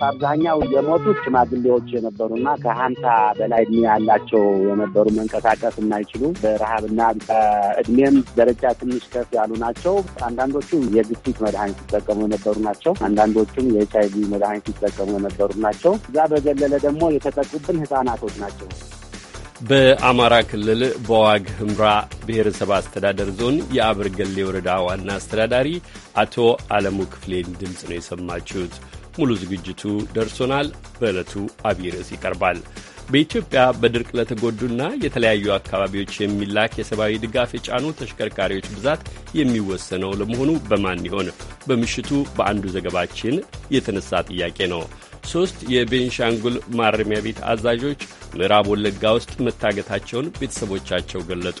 በአብዛኛው የሞቱት ሽማግሌዎች የነበሩና ከሀምሳ በላይ እድሜ ያላቸው የነበሩ መንቀሳቀስ የማይችሉ በረሃብና በእድሜም ደረጃ ትንሽ ከፍ ያሉ ናቸው። አንዳንዶቹ የግፊት መድኃኒት ሲጠቀሙ የነበሩ ናቸው። አንዳንዶቹም የኤች አይቪ መድኃኒት ሲጠቀሙ የነበሩ ናቸው። እዛ በዘለለ ደግሞ የተጠቁብን ህጻናቶች ናቸው። በአማራ ክልል በዋግ ህምራ ብሔረሰብ አስተዳደር ዞን የአብርገሌ ወረዳ ዋና አስተዳዳሪ አቶ አለሙ ክፍሌን ድምፅ ነው የሰማችሁት። ሙሉ ዝግጅቱ ደርሶናል። በዕለቱ አብይ ርዕስ ይቀርባል። በኢትዮጵያ በድርቅ ለተጎዱና የተለያዩ አካባቢዎች የሚላክ የሰብአዊ ድጋፍ የጫኑ ተሽከርካሪዎች ብዛት የሚወሰነው ለመሆኑ በማን ይሆን? በምሽቱ በአንዱ ዘገባችን የተነሳ ጥያቄ ነው። ሦስት የቤንሻንጉል ማረሚያ ቤት አዛዦች ምዕራብ ወለጋ ውስጥ መታገታቸውን ቤተሰቦቻቸው ገለጡ።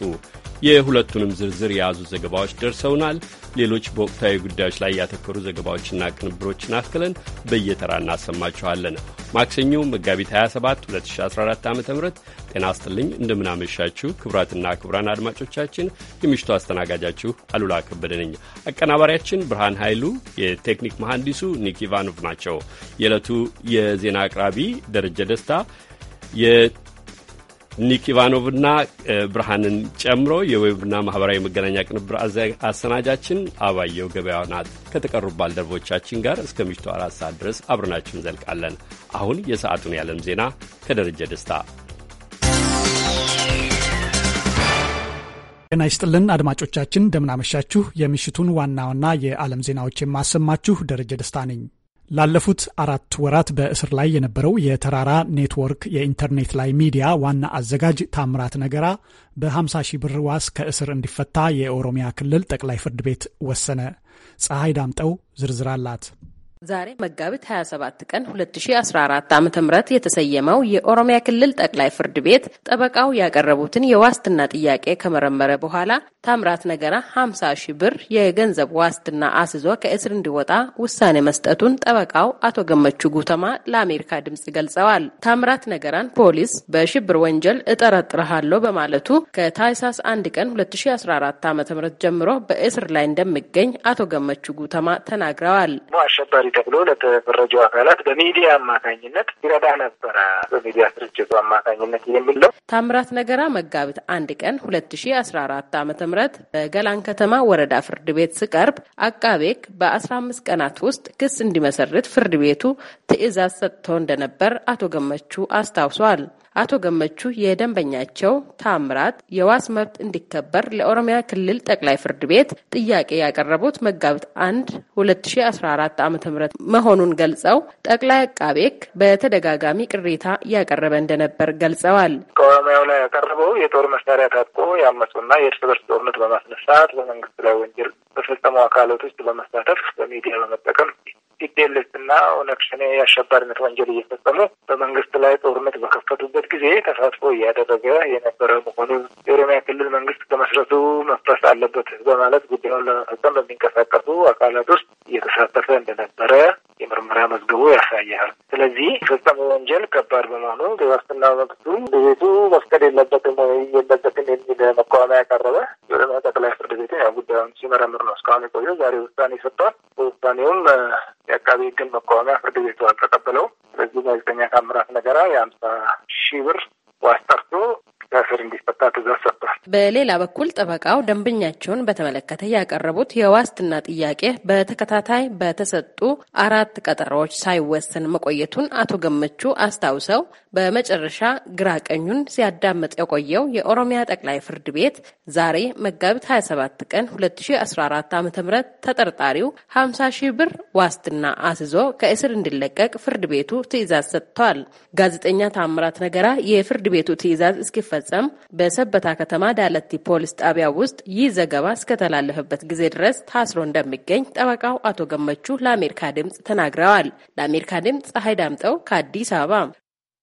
የሁለቱንም ዝርዝር የያዙ ዘገባዎች ደርሰውናል። ሌሎች በወቅታዊ ጉዳዮች ላይ ያተኮሩ ዘገባዎችና ቅንብሮችን አክለን በየተራ እናሰማችኋለን። ማክሰኞ መጋቢት 27 2014 ዓ ም ጤና ይስጥልኝ። እንደምናመሻችሁ ክቡራትና ክቡራን አድማጮቻችን የምሽቱ አስተናጋጃችሁ አሉላ ከበደ ነኝ። አቀናባሪያችን ብርሃን ኃይሉ፣ የቴክኒክ መሐንዲሱ ኒክ ኢቫኖቭ ናቸው። የዕለቱ የዜና አቅራቢ ደረጀ ደስታ ኒክ ኢቫኖቭና ብርሃንን ጨምሮ የዌብና ማህበራዊ መገናኛ ቅንብር አሰናጃችን አባየው ገበያው ናት። ከተቀሩ ባልደረቦቻችን ጋር እስከ ምሽቱ አራት ሰዓት ድረስ አብረናችሁ እንዘልቃለን። አሁን የሰዓቱን የዓለም ዜና ከደረጀ ደስታ ጤና ይስጥልን አድማጮቻችን፣ እንደምናመሻችሁ። የምሽቱን ዋና ዋና የዓለም ዜናዎች የማሰማችሁ ደረጀ ደስታ ነኝ። ላለፉት አራት ወራት በእስር ላይ የነበረው የተራራ ኔትወርክ የኢንተርኔት ላይ ሚዲያ ዋና አዘጋጅ ታምራት ነገራ በ50 ሺህ ብር ዋስ ከእስር እንዲፈታ የኦሮሚያ ክልል ጠቅላይ ፍርድ ቤት ወሰነ። ፀሐይ ዳምጠው ዝርዝር አላት። ዛሬ መጋቢት 27 ቀን 2014 ዓ ም የተሰየመው የኦሮሚያ ክልል ጠቅላይ ፍርድ ቤት ጠበቃው ያቀረቡትን የዋስትና ጥያቄ ከመረመረ በኋላ ታምራት ነገራ 50 ሺህ ብር የገንዘብ ዋስትና አስዞ ከእስር እንዲወጣ ውሳኔ መስጠቱን ጠበቃው አቶ ገመቹ ጉተማ ለአሜሪካ ድምፅ ገልጸዋል። ታምራት ነገራን ፖሊስ በሽብር ወንጀል እጠረጥርሃለሁ በማለቱ ከታህሳስ 1 ቀን 2014 ዓ ም ጀምሮ በእስር ላይ እንደሚገኝ አቶ ገመቹ ጉተማ ተናግረዋል። ተብሎ ለተፈረጁ አካላት በሚዲያ አማካኝነት ይረዳ ነበረ። በሚዲያ ስርጭቱ አማካኝነት የሚለው ታምራት ነገራ መጋቢት አንድ ቀን ሁለት ሺ አስራ አራት አመተ ምህረት በገላን ከተማ ወረዳ ፍርድ ቤት ስቀርብ አቃቤክ በአስራ አምስት ቀናት ውስጥ ክስ እንዲመሰርት ፍርድ ቤቱ ትዕዛዝ ሰጥቶ እንደነበር አቶ ገመቹ አስታውሷል። አቶ ገመቹ የደንበኛቸው ታምራት የዋስ መብት እንዲከበር ለኦሮሚያ ክልል ጠቅላይ ፍርድ ቤት ጥያቄ ያቀረቡት መጋቢት አንድ ሁለት ሺ አስራ አራት ዓመተ ምህረት መሆኑን ገልጸው ጠቅላይ አቃቤ ሕግ በተደጋጋሚ ቅሬታ እያቀረበ እንደነበር ገልጸዋል። ከኦሮሚያው ላይ ያቀረበው የጦር መሳሪያ ታጥቆ ያመፁና የእርስ በርስ ጦርነት በማስነሳት በመንግስት ላይ ወንጀል በፈጸሙ ውስጥ በመሳተፍ በሚዲያ በመጠቀም ቲፒኤልኤፍ እና ኦነግ ሸኔ የአሸባሪነት ወንጀል እየፈጸሙ በመንግስት ላይ ጦርነት በከፈቱበት ጊዜ ተሳትፎ እያደረገ የነበረ መሆኑ የኦሮሚያ ክልል መንግስት ከመስረቱ መፍረስ አለበት በማለት ጉዳዩን ለመፈጸም በሚንቀሳቀሱ አካላት ውስጥ እየተሳተፈ እንደነበረ የምርመራ መዝገቡ ያሳያል። ስለዚህ የፈጸመ ወንጀል ከባድ በመሆኑ የዋስትና መብቱ ቤቱ መፍቀድ የለበትም የለበትም የሚል መቃወሚያ ያቀረበ የኦሮሚያ ጠቅላይ ፍርድ ቤት ጉዳዩን ሲመረምር ነው እስካሁን የቆየው። ዛሬ ውሳኔ ሰጥቷል። በውሳኔውም የአቃቢ ህግን መቃወሚያ ፍርድ ቤቱ አልተቀበለው። በዚህ ጋዜጠኛ ታምራት ነገራ የአምሳ ሺህ ብር ዋስ ጠርቶ ከእስር እንዲፈታ ትእዛዝ ሰጥቷል። በሌላ በኩል ጠበቃው ደንበኛቸውን በተመለከተ ያቀረቡት የዋስትና ጥያቄ በተከታታይ በተሰጡ አራት ቀጠሮዎች ሳይወሰን መቆየቱን አቶ ገመቹ አስታውሰው በመጨረሻ ግራ ቀኙን ሲያዳምጥ የቆየው የኦሮሚያ ጠቅላይ ፍርድ ቤት ዛሬ መጋቢት 27 ቀን 2014 ዓ ም ተጠርጣሪው 50 ሺህ ብር ዋስትና አስዞ ከእስር እንዲለቀቅ ፍርድ ቤቱ ትእዛዝ ሰጥቷል። ጋዜጠኛ ታምራት ነገራ የፍርድ ቤቱ ትእዛዝ እስኪፈ ሲፈጸም በሰበታ ከተማ ዳለቲ ፖሊስ ጣቢያ ውስጥ ይህ ዘገባ እስከተላለፈበት ጊዜ ድረስ ታስሮ እንደሚገኝ ጠበቃው አቶ ገመቹ ለአሜሪካ ድምፅ ተናግረዋል። ለአሜሪካ ድምፅ ፀሐይ ዳምጠው ከአዲስ አበባ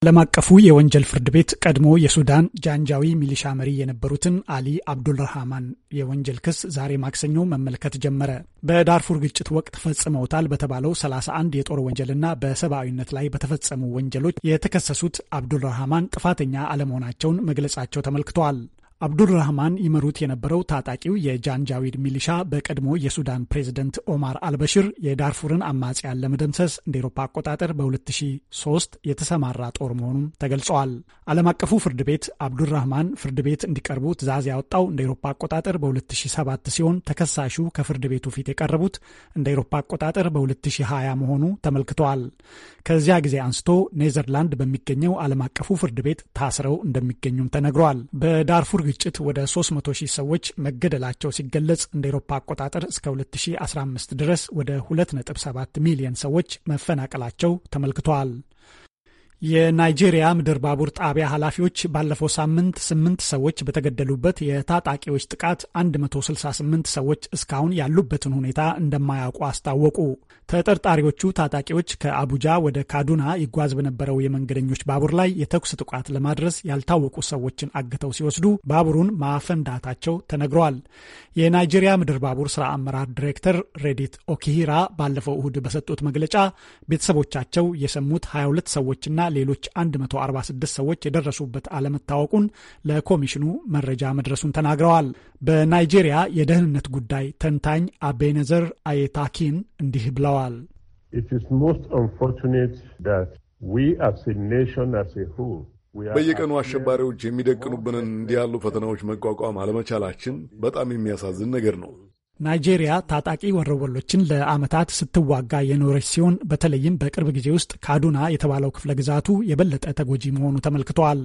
ዓለም አቀፉ የወንጀል ፍርድ ቤት ቀድሞ የሱዳን ጃንጃዊ ሚሊሻ መሪ የነበሩትን አሊ አብዱልረሃማን የወንጀል ክስ ዛሬ ማክሰኞ መመልከት ጀመረ። በዳርፉር ግጭት ወቅት ፈጽመውታል በተባለው 31 የጦር ወንጀልና በሰብአዊነት ላይ በተፈጸሙ ወንጀሎች የተከሰሱት አብዱልረሃማን ጥፋተኛ አለመሆናቸውን መግለጻቸው ተመልክተዋል። አብዱልራህማን ይመሩት የነበረው ታጣቂው የጃንጃዊድ ሚሊሻ በቀድሞ የሱዳን ፕሬዝደንት ኦማር አልበሽር የዳርፉርን አማጽያን ለመደምሰስ እንደ ኤሮፓ አቆጣጠር በ2003 የተሰማራ ጦር መሆኑን ተገልጸዋል። ዓለም አቀፉ ፍርድ ቤት አብዱልራህማን ፍርድ ቤት እንዲቀርቡ ትዕዛዝ ያወጣው እንደ ኤሮፓ አቆጣጠር በ2007 ሲሆን ተከሳሹ ከፍርድ ቤቱ ፊት የቀረቡት እንደ ኤሮፓ አቆጣጠር በ2020 መሆኑ ተመልክተዋል። ከዚያ ጊዜ አንስቶ ኔዘርላንድ በሚገኘው ዓለም አቀፉ ፍርድ ቤት ታስረው እንደሚገኙም ተነግሯል። በዳርፉር ግጭት ወደ 300 ሺህ ሰዎች መገደላቸው ሲገለጽ እንደ ኤሮፓ አቆጣጠር እስከ 2015 ድረስ ወደ 2.7 ሚሊዮን ሰዎች መፈናቀላቸው ተመልክተዋል። የናይጄሪያ ምድር ባቡር ጣቢያ ኃላፊዎች ባለፈው ሳምንት ስምንት ሰዎች በተገደሉበት የታጣቂዎች ጥቃት 168 ሰዎች እስካሁን ያሉበትን ሁኔታ እንደማያውቁ አስታወቁ። ተጠርጣሪዎቹ ታጣቂዎች ከአቡጃ ወደ ካዱና ይጓዝ በነበረው የመንገደኞች ባቡር ላይ የተኩስ ጥቃት ለማድረስ ያልታወቁ ሰዎችን አግተው ሲወስዱ ባቡሩን ማፈንዳታቸው ተነግረዋል። የናይጄሪያ ምድር ባቡር ስራ አመራር ዲሬክተር ሬዲት ኦኪሂራ ባለፈው እሁድ በሰጡት መግለጫ ቤተሰቦቻቸው የሰሙት 22 ሰዎችና ሌሎች 146 ሰዎች የደረሱበት አለመታወቁን ለኮሚሽኑ መረጃ መድረሱን ተናግረዋል። በናይጄሪያ የደህንነት ጉዳይ ተንታኝ አቤነዘር አየታኪን እንዲህ ብለዋል። በየቀኑ አሸባሪዎች የሚደቅኑብንን እንዲህ ያሉ ፈተናዎች መቋቋም አለመቻላችን በጣም የሚያሳዝን ነገር ነው። ናይጄሪያ ታጣቂ ወረበሎችን ለዓመታት ስትዋጋ የኖረች ሲሆን በተለይም በቅርብ ጊዜ ውስጥ ካዱና የተባለው ክፍለ ግዛቱ የበለጠ ተጎጂ መሆኑ ተመልክተዋል።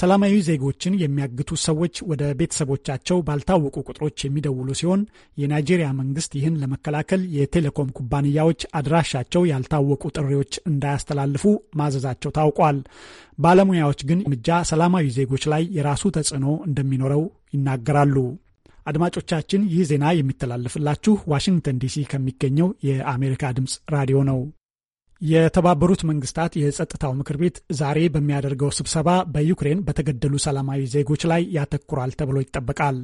ሰላማዊ ዜጎችን የሚያግቱ ሰዎች ወደ ቤተሰቦቻቸው ባልታወቁ ቁጥሮች የሚደውሉ ሲሆን የናይጄሪያ መንግስት ይህን ለመከላከል የቴሌኮም ኩባንያዎች አድራሻቸው ያልታወቁ ጥሪዎች እንዳያስተላልፉ ማዘዛቸው ታውቋል። ባለሙያዎች ግን እርምጃ ሰላማዊ ዜጎች ላይ የራሱ ተጽዕኖ እንደሚኖረው ይናገራሉ። አድማጮቻችን ይህ ዜና የሚተላለፍላችሁ ዋሽንግተን ዲሲ ከሚገኘው የአሜሪካ ድምፅ ራዲዮ ነው። የተባበሩት መንግስታት የጸጥታው ምክር ቤት ዛሬ በሚያደርገው ስብሰባ በዩክሬን በተገደሉ ሰላማዊ ዜጎች ላይ ያተኩራል ተብሎ ይጠበቃል።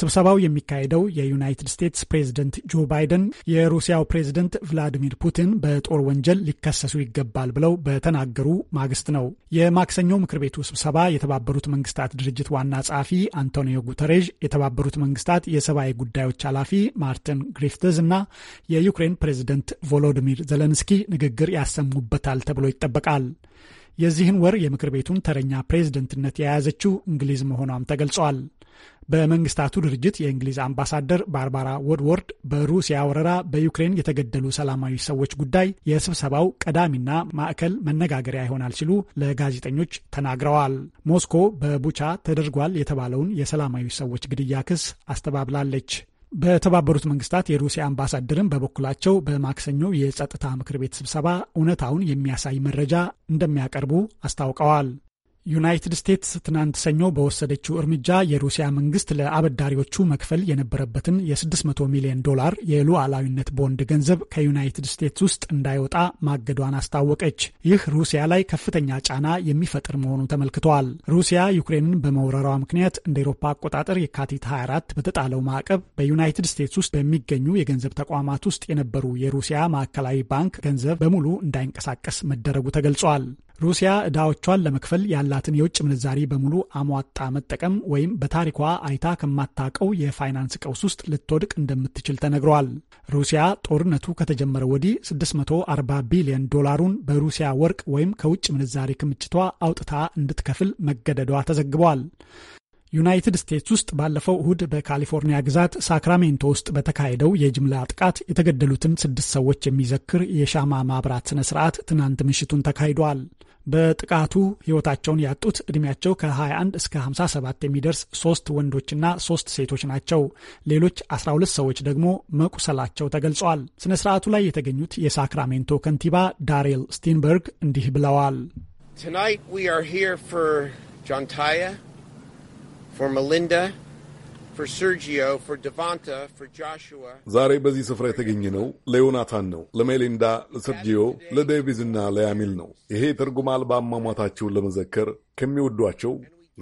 ስብሰባው የሚካሄደው የዩናይትድ ስቴትስ ፕሬዝደንት ጆ ባይደን የሩሲያው ፕሬዝደንት ቭላዲሚር ፑቲን በጦር ወንጀል ሊከሰሱ ይገባል ብለው በተናገሩ ማግስት ነው። የማክሰኞ ምክር ቤቱ ስብሰባ የተባበሩት መንግስታት ድርጅት ዋና ጸሐፊ አንቶኒዮ ጉተሬዥ፣ የተባበሩት መንግስታት የሰብአዊ ጉዳዮች ኃላፊ ማርቲን ግሪፍትዝ እና የዩክሬን ፕሬዝደንት ቮሎዲሚር ዘለንስኪ ንግግር ንግግር ያሰሙበታል ተብሎ ይጠበቃል። የዚህን ወር የምክር ቤቱን ተረኛ ፕሬዝደንትነት የያዘችው እንግሊዝ መሆኗም ተገልጿል። በመንግስታቱ ድርጅት የእንግሊዝ አምባሳደር ባርባራ ወድወርድ በሩሲያ ወረራ በዩክሬን የተገደሉ ሰላማዊ ሰዎች ጉዳይ የስብሰባው ቀዳሚና ማዕከል መነጋገሪያ ይሆናል ሲሉ ለጋዜጠኞች ተናግረዋል። ሞስኮ በቡቻ ተደርጓል የተባለውን የሰላማዊ ሰዎች ግድያ ክስ አስተባብላለች። በተባበሩት መንግስታት የሩሲያ አምባሳደርም በበኩላቸው በማክሰኞ የጸጥታ ምክር ቤት ስብሰባ እውነታውን የሚያሳይ መረጃ እንደሚያቀርቡ አስታውቀዋል። ዩናይትድ ስቴትስ ትናንት ሰኞ በወሰደችው እርምጃ የሩሲያ መንግስት ለአበዳሪዎቹ መክፈል የነበረበትን የ600 ሚሊዮን ዶላር የሉዓላዊነት ቦንድ ገንዘብ ከዩናይትድ ስቴትስ ውስጥ እንዳይወጣ ማገዷን አስታወቀች። ይህ ሩሲያ ላይ ከፍተኛ ጫና የሚፈጥር መሆኑ ተመልክተዋል። ሩሲያ ዩክሬንን በመውረሯ ምክንያት እንደ ኤሮፓ አቆጣጠር የካቲት 24 በተጣለው ማዕቀብ በዩናይትድ ስቴትስ ውስጥ በሚገኙ የገንዘብ ተቋማት ውስጥ የነበሩ የሩሲያ ማዕከላዊ ባንክ ገንዘብ በሙሉ እንዳይንቀሳቀስ መደረጉ ተገልጿል። ሩሲያ ዕዳዎቿን ለመክፈል ያላትን የውጭ ምንዛሪ በሙሉ አሟጣ መጠቀም ወይም በታሪኳ አይታ ከማታቀው የፋይናንስ ቀውስ ውስጥ ልትወድቅ እንደምትችል ተነግሯል። ሩሲያ ጦርነቱ ከተጀመረ ወዲህ 640 ቢሊዮን ዶላሩን በሩሲያ ወርቅ ወይም ከውጭ ምንዛሪ ክምችቷ አውጥታ እንድትከፍል መገደዷ ተዘግቧል። ዩናይትድ ስቴትስ ውስጥ ባለፈው እሁድ በካሊፎርኒያ ግዛት ሳክራሜንቶ ውስጥ በተካሄደው የጅምላ ጥቃት የተገደሉትን ስድስት ሰዎች የሚዘክር የሻማ ማብራት ስነ ስርዓት ትናንት ምሽቱን ተካሂዷል። በጥቃቱ ሕይወታቸውን ያጡት ዕድሜያቸው ከ21 እስከ 57 የሚደርስ ሶስት ወንዶችና ሶስት ሴቶች ናቸው። ሌሎች 12 ሰዎች ደግሞ መቁሰላቸው ተገልጿል። ስነ ስርዓቱ ላይ የተገኙት የሳክራሜንቶ ከንቲባ ዳሪል ስቲንበርግ እንዲህ ብለዋል። ዛሬ በዚህ ስፍራ የተገኘ ነው ለዮናታን ነው፣ ለሜሊንዳ፣ ለሰርጂዮ፣ እና ለያሚል ነው። ይሄ ትርጉም አልባ አሟሟታቸውን ለመዘከር ከሚወዷቸው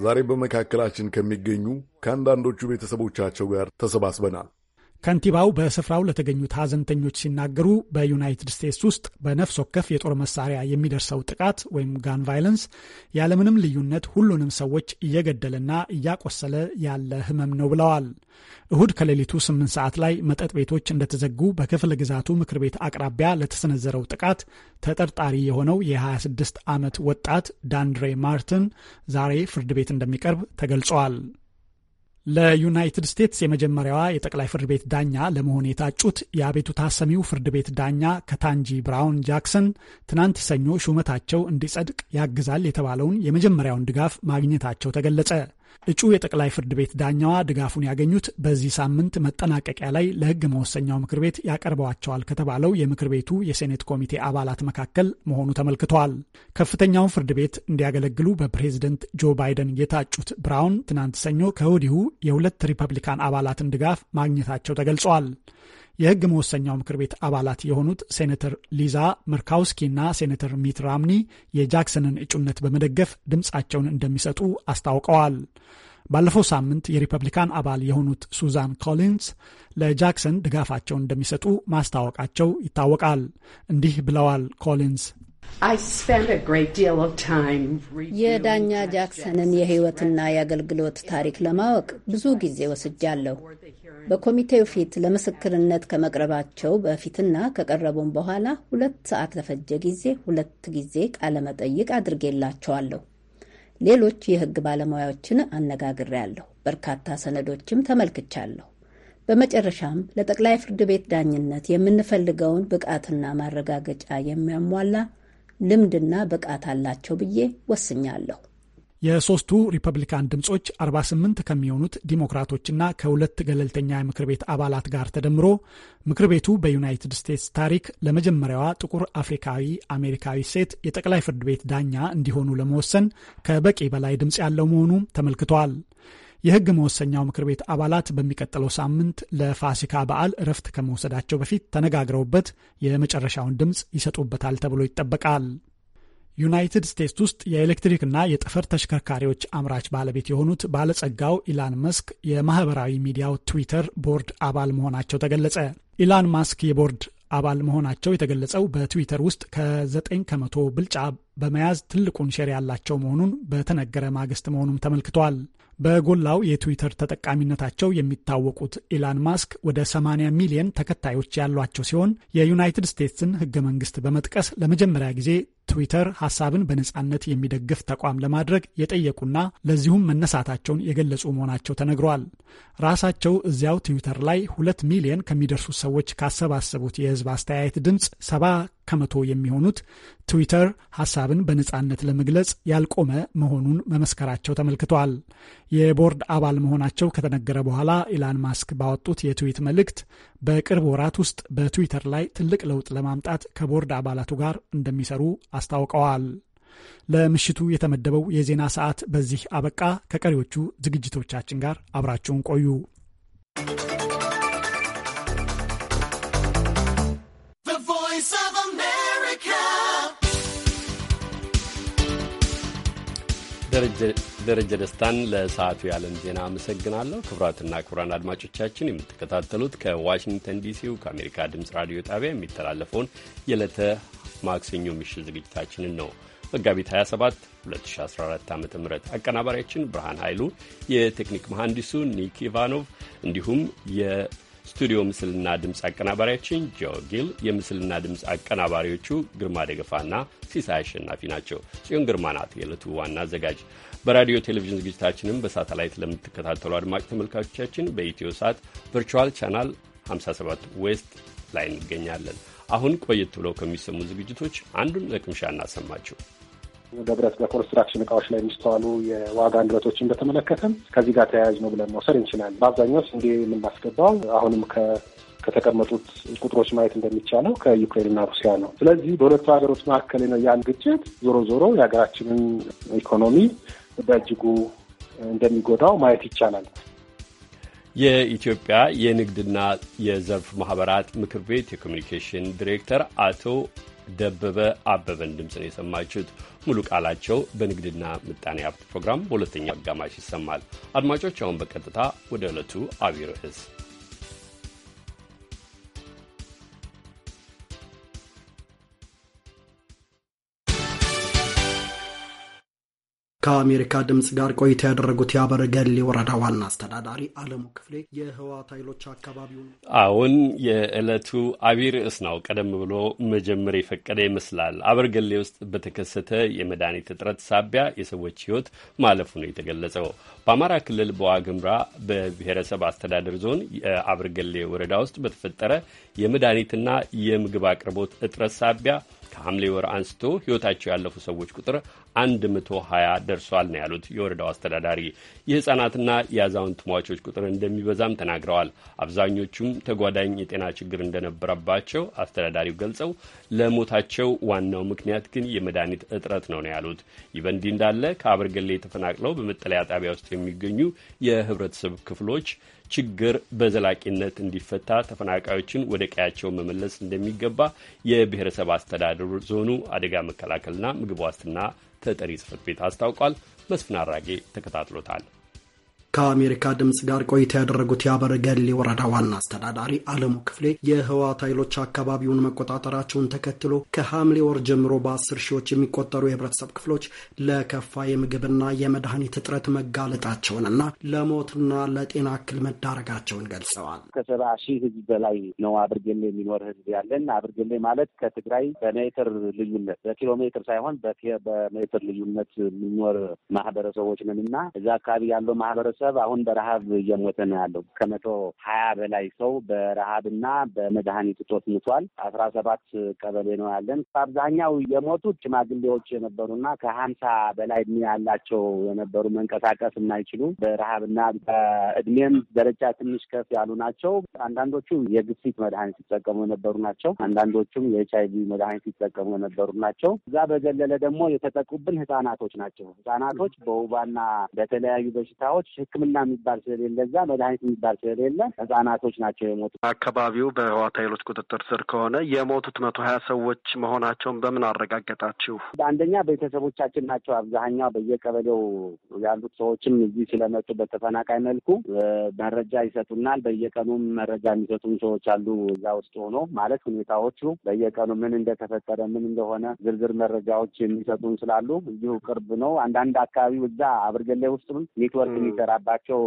ዛሬ በመካከላችን ከሚገኙ ከአንዳንዶቹ ቤተሰቦቻቸው ጋር ተሰባስበናል። ከንቲባው በስፍራው ለተገኙት ሀዘንተኞች ሲናገሩ በዩናይትድ ስቴትስ ውስጥ በነፍስ ወከፍ የጦር መሳሪያ የሚደርሰው ጥቃት ወይም ጋን ቫይለንስ ያለምንም ልዩነት ሁሉንም ሰዎች እየገደለና እያቆሰለ ያለ ህመም ነው ብለዋል። እሁድ ከሌሊቱ ስምንት ሰዓት ላይ መጠጥ ቤቶች እንደተዘጉ በክፍለ ግዛቱ ምክር ቤት አቅራቢያ ለተሰነዘረው ጥቃት ተጠርጣሪ የሆነው የ26 ዓመት ወጣት ዳንድሬ ማርትን ዛሬ ፍርድ ቤት እንደሚቀርብ ተገልጿል። ለዩናይትድ ስቴትስ የመጀመሪያዋ የጠቅላይ ፍርድ ቤት ዳኛ ለመሆን የታጩት የአቤቱታ ሰሚው ፍርድ ቤት ዳኛ ከታንጂ ብራውን ጃክሰን ትናንት ሰኞ ሹመታቸው እንዲጸድቅ ያግዛል የተባለውን የመጀመሪያውን ድጋፍ ማግኘታቸው ተገለጸ። እጩ የጠቅላይ ፍርድ ቤት ዳኛዋ ድጋፉን ያገኙት በዚህ ሳምንት መጠናቀቂያ ላይ ለሕግ መወሰኛው ምክር ቤት ያቀርበዋቸዋል ከተባለው የምክር ቤቱ የሴኔት ኮሚቴ አባላት መካከል መሆኑ ተመልክተዋል። ከፍተኛውን ፍርድ ቤት እንዲያገለግሉ በፕሬዝደንት ጆ ባይደን የታጩት ብራውን ትናንት ሰኞ ከወዲሁ የሁለት ሪፐብሊካን አባላትን ድጋፍ ማግኘታቸው ተገልጿል። የህግ መወሰኛው ምክር ቤት አባላት የሆኑት ሴኔተር ሊዛ መርካውስኪ እና ሴኔተር ሚት ራምኒ የጃክሰንን እጩነት በመደገፍ ድምፃቸውን እንደሚሰጡ አስታውቀዋል። ባለፈው ሳምንት የሪፐብሊካን አባል የሆኑት ሱዛን ኮሊንስ ለጃክሰን ድጋፋቸውን እንደሚሰጡ ማስታወቃቸው ይታወቃል። እንዲህ ብለዋል ኮሊንስ የዳኛ ጃክሰንን የሕይወትና የአገልግሎት ታሪክ ለማወቅ ብዙ ጊዜ ወስጃለሁ። በኮሚቴው ፊት ለምስክርነት ከመቅረባቸው በፊትና ከቀረቡም በኋላ ሁለት ሰዓት ለፈጀ ጊዜ ሁለት ጊዜ ቃለ መጠይቅ አድርጌላቸዋለሁ። ሌሎች የሕግ ባለሙያዎችን አነጋግሬያለሁ። በርካታ ሰነዶችም ተመልክቻለሁ። በመጨረሻም ለጠቅላይ ፍርድ ቤት ዳኝነት የምንፈልገውን ብቃትና ማረጋገጫ የሚያሟላ ልምድና ብቃት አላቸው ብዬ ወስኛለሁ። የሶስቱ ሪፐብሊካን ድምፆች 48 ከሚሆኑት ዲሞክራቶችና ከሁለት ገለልተኛ የምክር ቤት አባላት ጋር ተደምሮ ምክር ቤቱ በዩናይትድ ስቴትስ ታሪክ ለመጀመሪያዋ ጥቁር አፍሪካዊ አሜሪካዊ ሴት የጠቅላይ ፍርድ ቤት ዳኛ እንዲሆኑ ለመወሰን ከበቂ በላይ ድምፅ ያለው መሆኑ ተመልክቷል። የህግ መወሰኛው ምክር ቤት አባላት በሚቀጥለው ሳምንት ለፋሲካ በዓል እረፍት ከመውሰዳቸው በፊት ተነጋግረውበት የመጨረሻውን ድምፅ ይሰጡበታል ተብሎ ይጠበቃል። ዩናይትድ ስቴትስ ውስጥ የኤሌክትሪክና የጠፈር ተሽከርካሪዎች አምራች ባለቤት የሆኑት ባለጸጋው ኢላን መስክ የማህበራዊ ሚዲያው ትዊተር ቦርድ አባል መሆናቸው ተገለጸ። ኢላን ማስክ የቦርድ አባል መሆናቸው የተገለጸው በትዊተር ውስጥ ከ9 ከመቶ ብልጫ በመያዝ ትልቁን ሼር ያላቸው መሆኑን በተነገረ ማግስት መሆኑም ተመልክቷል። በጎላው የትዊተር ተጠቃሚነታቸው የሚታወቁት ኢላን ማስክ ወደ 80 ሚሊየን ተከታዮች ያሏቸው ሲሆን የዩናይትድ ስቴትስን ሕገ መንግስት በመጥቀስ ለመጀመሪያ ጊዜ ትዊተር ሀሳብን በነጻነት የሚደግፍ ተቋም ለማድረግ የጠየቁና ለዚሁም መነሳታቸውን የገለጹ መሆናቸው ተነግሯል። ራሳቸው እዚያው ትዊተር ላይ ሁለት ሚሊየን ከሚደርሱ ሰዎች ካሰባሰቡት የህዝብ አስተያየት ድምፅ ሰባ ከመቶ የሚሆኑት ትዊተር ሀሳብን በነጻነት ለመግለጽ ያልቆመ መሆኑን መመስከራቸው ተመልክቷል። የቦርድ አባል መሆናቸው ከተነገረ በኋላ ኢላን ማስክ ባወጡት የትዊት መልእክት በቅርብ ወራት ውስጥ በትዊተር ላይ ትልቅ ለውጥ ለማምጣት ከቦርድ አባላቱ ጋር እንደሚሰሩ አስታውቀዋል። ለምሽቱ የተመደበው የዜና ሰዓት በዚህ አበቃ። ከቀሪዎቹ ዝግጅቶቻችን ጋር አብራችሁን ቆዩ። ደረጀ ደረጀ ደስታን ለሰዓቱ የዓለም ዜና አመሰግናለሁ። ክቡራትና ክቡራን አድማጮቻችን የምትከታተሉት ከዋሽንግተን ዲሲው ከአሜሪካ ድምፅ ራዲዮ ጣቢያ የሚተላለፈውን የዕለተ ማክሰኞ ምሽት ዝግጅታችንን ነው። መጋቢት 27 2014 ዓ ም አቀናባሪያችን ብርሃን ኃይሉ፣ የቴክኒክ መሐንዲሱ ኒክ ኢቫኖቭ እንዲሁም የስቱዲዮ ምስልና ድምፅ አቀናባሪያችን ጆጊል፣ የምስልና ድምፅ አቀናባሪዎቹ ግርማ ደገፋና ሲሳይ አሸናፊ ናቸው። ጽዮን ግርማ ናት የዕለቱ ዋና አዘጋጅ። በራዲዮ ቴሌቪዥን ዝግጅታችንም በሳተላይት ለምትከታተሉ አድማጭ ተመልካቾቻችን በኢትዮ ሳት ቨርቹዋል ቻናል 57 ዌስት ላይ እንገኛለን። አሁን ቆየት ብለው ከሚሰሙ ዝግጅቶች አንዱን ለቅምሻ እናሰማችሁ። በብረት በኮንስትራክሽን እቃዎች ላይ የሚስተዋሉ የዋጋ ንረቶችን በተመለከተም ከዚህ ጋር ተያያዥ ነው ብለን መውሰድ እንችላለን። በአብዛኛው ስንዴ የምናስገባው አሁንም ከተቀመጡት ቁጥሮች ማየት እንደሚቻለው ከዩክሬንና ሩሲያ ነው። ስለዚህ በሁለቱ ሀገሮች መካከል ያን ግጭት ዞሮ ዞሮ የሀገራችንን ኢኮኖሚ በእጅጉ እንደሚጎዳው ማየት ይቻላል። የኢትዮጵያ የንግድና የዘርፍ ማህበራት ምክር ቤት የኮሚኒኬሽን ዲሬክተር አቶ ደበበ አበበን ድምፅ ነው የሰማችሁት። ሙሉ ቃላቸው በንግድና ምጣኔ ሀብት ፕሮግራም በሁለተኛው አጋማሽ ይሰማል። አድማጮች፣ አሁን በቀጥታ ወደ ዕለቱ አብይ ርዕስ ከአሜሪካ ድምጽ ጋር ቆይታ ያደረጉት የአበርገሌ ወረዳ ዋና አስተዳዳሪ አለሙ ክፍሌ የህወሓት ኃይሎች አካባቢውን አሁን የዕለቱ አቢይ ርዕስ ነው። ቀደም ብሎ መጀመር የፈቀደ ይመስላል። አበርገሌ ውስጥ በተከሰተ የመድኃኒት እጥረት ሳቢያ የሰዎች ህይወት ማለፉ ነው የተገለጸው። በአማራ ክልል በዋግምራ በብሔረሰብ አስተዳደር ዞን የአበርገሌ ወረዳ ውስጥ በተፈጠረ የመድኃኒትና የምግብ አቅርቦት እጥረት ሳቢያ ከሐምሌ ወር አንስቶ ሕይወታቸው ያለፉ ሰዎች ቁጥር 120 ደርሷል ነው ያሉት የወረዳው አስተዳዳሪ። የሕፃናትና የአዛውንት ሟቾች ቁጥር እንደሚበዛም ተናግረዋል። አብዛኞቹም ተጓዳኝ የጤና ችግር እንደነበረባቸው አስተዳዳሪው ገልጸው ለሞታቸው ዋናው ምክንያት ግን የመድኃኒት እጥረት ነው ነው ያሉት። ይህ በእንዲህ እንዳለ ከአበርገሌ ተፈናቅለው በመጠለያ ጣቢያ ውስጥ የሚገኙ የህብረተሰብ ክፍሎች ችግር በዘላቂነት እንዲፈታ ተፈናቃዮችን ወደ ቀያቸው መመለስ እንደሚገባ የብሔረሰብ አስተዳደሩ ዞኑ አደጋ መከላከልና ምግብ ዋስትና ተጠሪ ጽህፈት ቤት አስታውቋል። መስፍን አራጌ ተከታትሎታል። ከአሜሪካ ድምፅ ጋር ቆይታ ያደረጉት የአበርገሌ ወረዳ ዋና አስተዳዳሪ አለሙ ክፍሌ የህወሓት ኃይሎች አካባቢውን መቆጣጠራቸውን ተከትሎ ከሐምሌ ወር ጀምሮ በአስር ሺዎች የሚቆጠሩ የህብረተሰብ ክፍሎች ለከፋ የምግብና የመድኃኒት እጥረት መጋለጣቸውንና ለሞትና ለጤና እክል መዳረጋቸውን ገልጸዋል። ከሰባ ሺህ ህዝብ በላይ ነው አብርጌሌ የሚኖር ህዝብ ያለን። አብርጌሌ ማለት ከትግራይ በሜትር ልዩነት በኪሎ ሜትር ሳይሆን በሜትር ልዩነት የሚኖር ማህበረሰቦች ነን እና እዛ አካባቢ ያለው ማህበረሰብ ህብረተሰብ አሁን በረሃብ እየሞተ ነው ያለው። ከመቶ ሀያ በላይ ሰው በረሃብና በመድኃኒት እጦት ሙቷል። አስራ ሰባት ቀበሌ ነው ያለን። በአብዛኛው የሞቱት ሽማግሌዎች የነበሩና ከሀምሳ በላይ እድሜ ያላቸው የነበሩ መንቀሳቀስ የማይችሉ በረሃብና በእድሜም ደረጃ ትንሽ ከፍ ያሉ ናቸው። አንዳንዶቹ የግፊት መድኃኒት ሲጠቀሙ የነበሩ ናቸው። አንዳንዶቹም የኤች አይቪ መድኃኒት ሲጠቀሙ የነበሩ ናቸው። እዛ በዘለለ ደግሞ የተጠቁብን ህጻናቶች ናቸው። ህጻናቶች በውባና በተለያዩ በሽታዎች ሕክምና የሚባል ስለሌለ እዛ መድኃኒት የሚባል ስለሌለ ህጻናቶች ናቸው የሞቱ። አካባቢው በህዋት ኃይሎች ቁጥጥር ስር ከሆነ የሞቱት መቶ ሀያ ሰዎች መሆናቸውን በምን አረጋገጣችሁ? አንደኛ ቤተሰቦቻችን ናቸው አብዛኛው በየቀበሌው ያሉት ሰዎችም እዚህ ስለመጡ በተፈናቃይ መልኩ መረጃ ይሰጡናል። በየቀኑም መረጃ የሚሰጡን ሰዎች አሉ። እዛ ውስጥ ሆኖ ማለት ሁኔታዎቹ በየቀኑ ምን እንደተፈጠረ ምን እንደሆነ ዝርዝር መረጃዎች የሚሰጡን ስላሉ እዚሁ ቅርብ ነው። አንዳንድ አካባቢው እዛ አብርገላይ ውስጥም ኔትወርክ የሚሰራ የምንሰራባቸው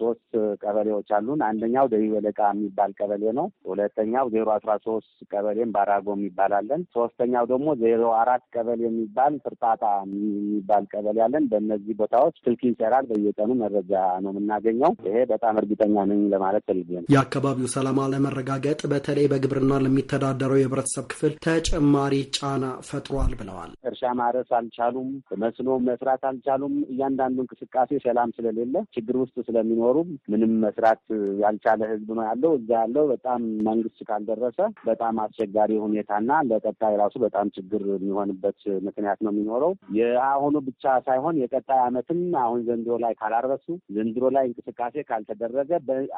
ሶስት ቀበሌዎች አሉን። አንደኛው ደቢ በለቃ የሚባል ቀበሌ ነው። ሁለተኛው ዜሮ አስራ ሶስት ቀበሌም ባራጎ የሚባል አለን። ሶስተኛው ደግሞ ዜሮ አራት ቀበሌ የሚባል ፍርጣታ የሚባል ቀበሌ አለን። በእነዚህ ቦታዎች ስልክ ይሰራል። በየቀኑ መረጃ ነው የምናገኘው። ይሄ በጣም እርግጠኛ ነኝ ለማለት ፈልጌ ነው። የአካባቢው ሰላም አለመረጋገጥ በተለይ በግብርና ለሚተዳደረው የህብረተሰብ ክፍል ተጨማሪ ጫና ፈጥሯል ብለዋል። እርሻ ማረስ አልቻሉም፣ መስኖ መስራት አልቻሉም። እያንዳንዱ እንቅስቃሴ ሰላም ስለሌለ ችግር ውስጥ ስለሚኖሩ ምንም መስራት ያልቻለ ህዝብ ነው ያለው እዛ ያለው። በጣም መንግስት ካልደረሰ በጣም አስቸጋሪ ሁኔታና ለቀጣይ ራሱ በጣም ችግር የሚሆንበት ምክንያት ነው የሚኖረው። የአሁኑ ብቻ ሳይሆን የቀጣይ አመትም አሁን ዘንድሮ ላይ ካላረሱ ዘንድሮ ላይ እንቅስቃሴ ካልተደረገ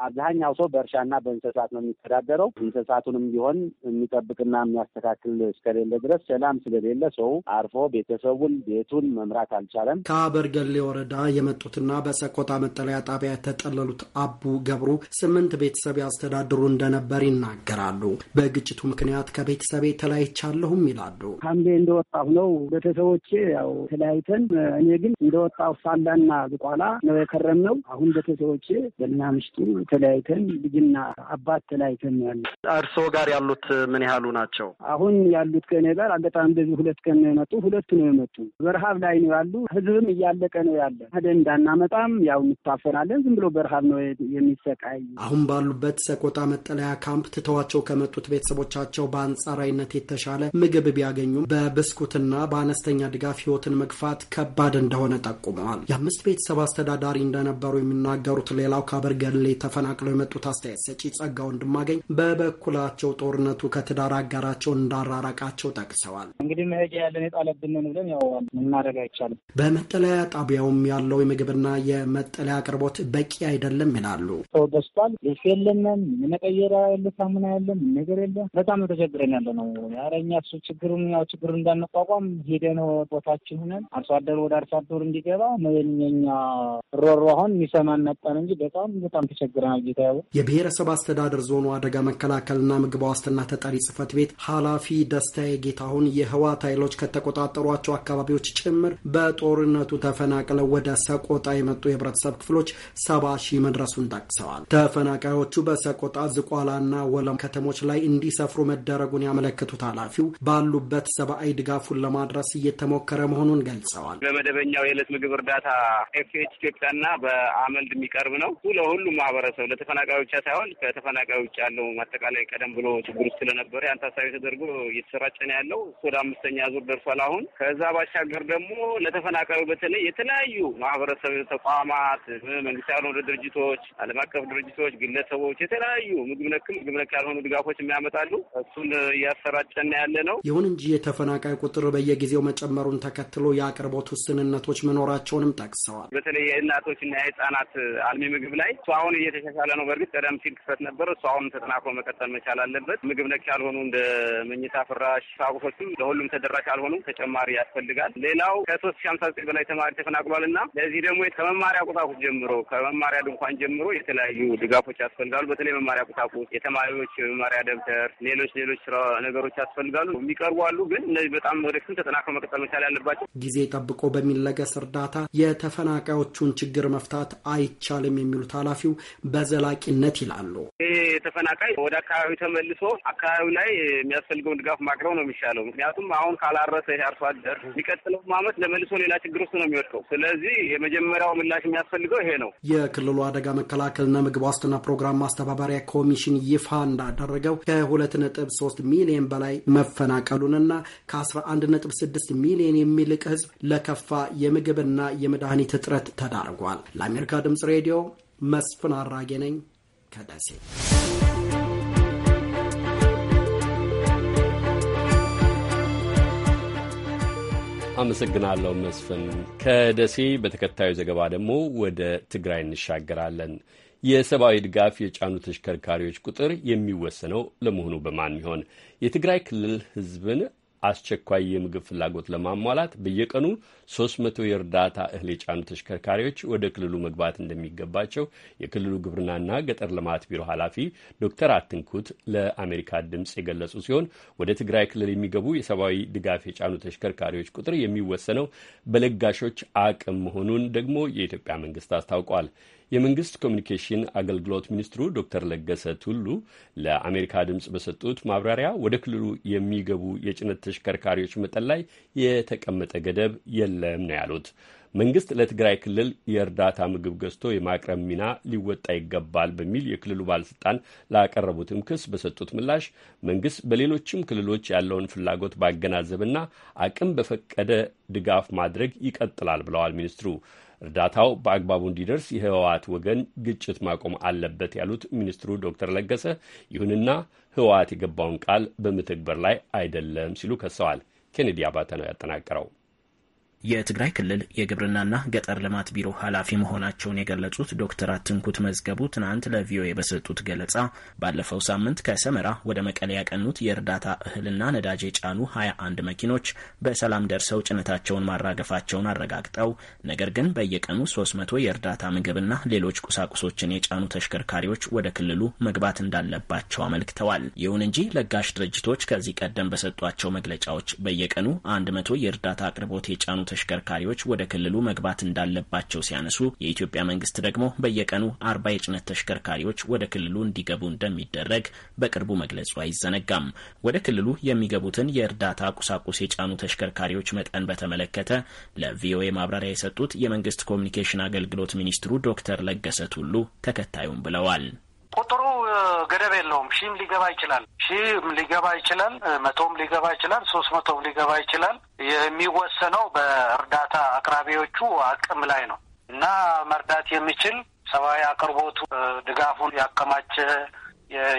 አብዛኛው ሰው በእርሻና በእንስሳት ነው የሚተዳደረው። እንስሳቱንም ቢሆን የሚጠብቅና የሚያስተካክል እስከሌለ ድረስ ሰላም ስለሌለ ሰው አርፎ ቤተሰቡን ቤቱን መምራት አልቻለም። ከአበርገሌ ወረዳ የመጡትና በሰቆጣ መጠለያ ጣቢያ የተጠለሉት አቡ ገብሩ ስምንት ቤተሰብ ያስተዳድሩ እንደነበር ይናገራሉ። በግጭቱ ምክንያት ከቤተሰቤ ተለያይቻለሁም ይላሉ። ሐምሌ እንደወጣሁ ነው ቤተሰቦቼ ያው ተለያይተን፣ እኔ ግን እንደወጣሁ ሳላና ዝቋላ ነው የከረምነው። አሁን ቤተሰቦቼ በልና ምሽቱ ተለያይተን፣ ልጅና አባት ተለያይተን ያሉ። እርስዎ ጋር ያሉት ምን ያህሉ ናቸው? አሁን ያሉት ከእኔ ጋር አጋጣሚ በዚህ ሁለት ቀን ነው የመጡ፣ ሁለቱ ነው የመጡ። በረሃብ ላይ ነው ያሉ። ህዝብም እያለቀ ነው ያለ። ደ እንዳናመጣም ያው እንታፈናለን። ዝም ብሎ በረሃብ ነው የሚሰቃይ። አሁን ባሉበት ሰቆጣ መጠለያ ካምፕ ትተዋቸው ከመጡት ቤተሰቦቻቸው በአንጻራዊነት የተሻለ ምግብ ቢያገኙም በብስኩትና በአነስተኛ ድጋፍ ህይወትን መግፋት ከባድ እንደሆነ ጠቁመዋል። የአምስት ቤተሰብ አስተዳዳሪ እንደነበሩ የሚናገሩት ሌላው ከአበርገሌ ተፈናቅለው የመጡት አስተያየት ሰጪ ጸጋው እንድማገኝ በበኩላቸው ጦርነቱ ከትዳር አጋራቸው እንዳራራቃቸው ጠቅሰዋል። እንግዲህ መሄጃ ያለን የጣለብንን ብለን ያው እናደርግ አይቻልም። በመጠለያ ጣቢያውም ያለው የምግብና የመጠ መጠለያ አቅርቦት በቂ አይደለም ይላሉ። ሰው ደስቷል። ልብስ የለንም፣ የመቀየር ያለ ሳሙና የለም፣ ነገር የለም። በጣም ተቸግረን ያለ ነው። ኧረ እኛ እሱ ችግሩን ያው ችግሩን እንዳንቋቋም ሄደ ነው ቦታችን ሆነን አርሶ አደሩ ወደ አርሶ አደሩ እንዲገባ ነው የኛ ሮሮ አሁን የሚሰማን መጣን እንጂ በጣም በጣም ተቸግረናል። ጌታ ያው የብሔረሰብ አስተዳደር ዞኑ አደጋ መከላከልና ምግብ ዋስትና ተጠሪ ጽህፈት ቤት ኃላፊ ደስታዬ ጌታሁን የህዋት ኃይሎች ከተቆጣጠሯቸው አካባቢዎች ጭምር በጦርነቱ ተፈናቅለው ወደ ሰቆጣ የመጡ የህብረተሰብ የህብረተሰብ ክፍሎች ሰባ ሺህ መድረሱን ጠቅሰዋል። ተፈናቃዮቹ በሰቆጣ ዝቋላና ወለም ከተሞች ላይ እንዲሰፍሩ መደረጉን ያመለክቱት ኃላፊው ባሉበት ሰብአዊ ድጋፉን ለማድረስ እየተሞከረ መሆኑን ገልጸዋል። በመደበኛው የዕለት ምግብ እርዳታ ኤፍኤች ኢትዮጵያና በአመልድ የሚቀርብ ነው። ለሁሉም ማህበረሰብ ለተፈናቃዮች ብቻ ሳይሆን ከተፈናቃዮች ውጭ ያለው አጠቃላይ ቀደም ብሎ ችግር ውስጥ ስለነበረ ያን ታሳቢ ተደርጎ እየተሰራጨ ነው ያለው። ወደ አምስተኛ ዙር ደርሷል። አሁን ከዛ ባሻገር ደግሞ ለተፈናቃዩ በተለይ የተለያዩ ማህበረሰብ ተቋማት መንግስት ያልሆኑ ድርጅቶች፣ ዓለም አቀፍ ድርጅቶች፣ ግለሰቦች የተለያዩ ምግብ ነክ ምግብ ነክ ያልሆኑ ድጋፎች የሚያመጣሉ እሱን እያሰራጨና ያለ ነው። ይሁን እንጂ የተፈናቃይ ቁጥር በየጊዜው መጨመሩን ተከትሎ የአቅርቦት ውስንነቶች መኖራቸውንም ጠቅሰዋል። በተለይ የእናቶችና የህጻናት አልሚ ምግብ ላይ እሱ አሁን እየተሻሻለ ነው። በእርግጥ ቀደም ሲል ክፍተት ነበር። እሱ አሁን ተጠናክሮ መቀጠል መቻል አለበት። ምግብ ነክ ያልሆኑ እንደ መኝታ ፍራሽ፣ ቁሳቁሶችም ለሁሉም ተደራሽ አልሆኑም። ተጨማሪ ያስፈልጋል። ሌላው ከሶስት ሺ ሃምሳ ዘጠኝ በላይ ተማሪ ተፈናቅሏል እና ለዚህ ደግሞ ከመማሪያ ቁሳቁ ጀምሮ ከመማሪያ ድንኳን ጀምሮ የተለያዩ ድጋፎች ያስፈልጋሉ። በተለይ መማሪያ ቁሳቁስ፣ የተማሪዎች የመማሪያ ደብተር፣ ሌሎች ሌሎች ስራ ነገሮች ያስፈልጋሉ። የሚቀርቡ አሉ፣ ግን እነዚህ በጣም ወደፊትም ተጠናክሮ መቀጠል መቻል ያለባቸው። ጊዜ ጠብቆ በሚለገስ እርዳታ የተፈናቃዮቹን ችግር መፍታት አይቻልም የሚሉት ኃላፊው በዘላቂነት ይላሉ። ይህ ተፈናቃይ ወደ አካባቢው ተመልሶ አካባቢው ላይ የሚያስፈልገውን ድጋፍ ማቅረብ ነው የሚሻለው። ምክንያቱም አሁን ካላረሰ አርሶ አደር የሚቀጥለው ማመት ለመልሶ ሌላ ችግር ውስጥ ነው የሚወድቀው። ስለዚህ የመጀመሪያው ምላሽ የሚያስፈልግ የምንፈልገው ይሄ ነው። የክልሉ አደጋ መከላከልና ምግብ ዋስትና ፕሮግራም ማስተባበሪያ ኮሚሽን ይፋ እንዳደረገው ከሁለት ነጥብ ሶስት ሚሊዮን በላይ መፈናቀሉንና ከአስራ አንድ ነጥብ ስድስት ሚሊዮን የሚልቅ ህዝብ ለከፋ የምግብና የመድኃኒት እጥረት ተዳርጓል። ለአሜሪካ ድምጽ ሬዲዮ መስፍን አራጌ ነኝ ከደሴ አመሰግናለሁ መስፍን። ከደሴ በተከታዩ ዘገባ ደግሞ ወደ ትግራይ እንሻገራለን። የሰብአዊ ድጋፍ የጫኑ ተሽከርካሪዎች ቁጥር የሚወሰነው ለመሆኑ በማን ይሆን? የትግራይ ክልል ህዝብን አስቸኳይ የምግብ ፍላጎት ለማሟላት በየቀኑ 300 የእርዳታ እህል የጫኑ ተሽከርካሪዎች ወደ ክልሉ መግባት እንደሚገባቸው የክልሉ ግብርናና ገጠር ልማት ቢሮ ኃላፊ ዶክተር አትንኩት ለአሜሪካ ድምፅ የገለጹ ሲሆን ወደ ትግራይ ክልል የሚገቡ የሰብአዊ ድጋፍ የጫኑ ተሽከርካሪዎች ቁጥር የሚወሰነው በለጋሾች አቅም መሆኑን ደግሞ የኢትዮጵያ መንግስት አስታውቋል። የመንግስት ኮሚኒኬሽን አገልግሎት ሚኒስትሩ ዶክተር ለገሰ ቱሉ ለአሜሪካ ድምፅ በሰጡት ማብራሪያ ወደ ክልሉ የሚገቡ የጭነት ተሽከርካሪዎች መጠን ላይ የተቀመጠ ገደብ የለም ነው ያሉት። መንግስት ለትግራይ ክልል የእርዳታ ምግብ ገዝቶ የማቅረብ ሚና ሊወጣ ይገባል በሚል የክልሉ ባለስልጣን ላቀረቡትም ክስ በሰጡት ምላሽ መንግስት በሌሎችም ክልሎች ያለውን ፍላጎት ባገናዘብና አቅም በፈቀደ ድጋፍ ማድረግ ይቀጥላል ብለዋል ሚኒስትሩ። እርዳታው በአግባቡ እንዲደርስ የህወሓት ወገን ግጭት ማቆም አለበት ያሉት ሚኒስትሩ ዶክተር ለገሰ ይሁንና ህወሓት የገባውን ቃል በመተግበር ላይ አይደለም ሲሉ ከሰዋል። ኬኔዲ አባተ ነው ያጠናቀረው። የትግራይ ክልል የግብርናና ገጠር ልማት ቢሮ ኃላፊ መሆናቸውን የገለጹት ዶክተር አትንኩት መዝገቡ ትናንት ለቪኦኤ በሰጡት ገለጻ ባለፈው ሳምንት ከሰመራ ወደ መቀለ ያቀኑት የእርዳታ እህልና ነዳጅ የጫኑ 21 መኪኖች በሰላም ደርሰው ጭነታቸውን ማራገፋቸውን አረጋግጠው ነገር ግን በየቀኑ 300 የእርዳታ ምግብና ሌሎች ቁሳቁሶችን የጫኑ ተሽከርካሪዎች ወደ ክልሉ መግባት እንዳለባቸው አመልክተዋል። ይሁን እንጂ ለጋሽ ድርጅቶች ከዚህ ቀደም በሰጧቸው መግለጫዎች በየቀኑ 100 የእርዳታ አቅርቦት የጫኑ ተሽከርካሪዎች ወደ ክልሉ መግባት እንዳለባቸው ሲያነሱ የኢትዮጵያ መንግስት ደግሞ በየቀኑ አርባ የጭነት ተሽከርካሪዎች ወደ ክልሉ እንዲገቡ እንደሚደረግ በቅርቡ መግለጹ አይዘነጋም። ወደ ክልሉ የሚገቡትን የእርዳታ ቁሳቁስ የጫኑ ተሽከርካሪዎች መጠን በተመለከተ ለቪኦኤ ማብራሪያ የሰጡት የመንግስት ኮሚኒኬሽን አገልግሎት ሚኒስትሩ ዶክተር ለገሰ ቱሉ ተከታዩም ብለዋል። ገደብ የለውም። ሺም ሊገባ ይችላል፣ ሺም ሊገባ ይችላል፣ መቶም ሊገባ ይችላል፣ ሶስት መቶም ሊገባ ይችላል። የሚወሰነው በእርዳታ አቅራቢዎቹ አቅም ላይ ነው እና መርዳት የሚችል ሰብአዊ አቅርቦቱ ድጋፉን ያከማቸ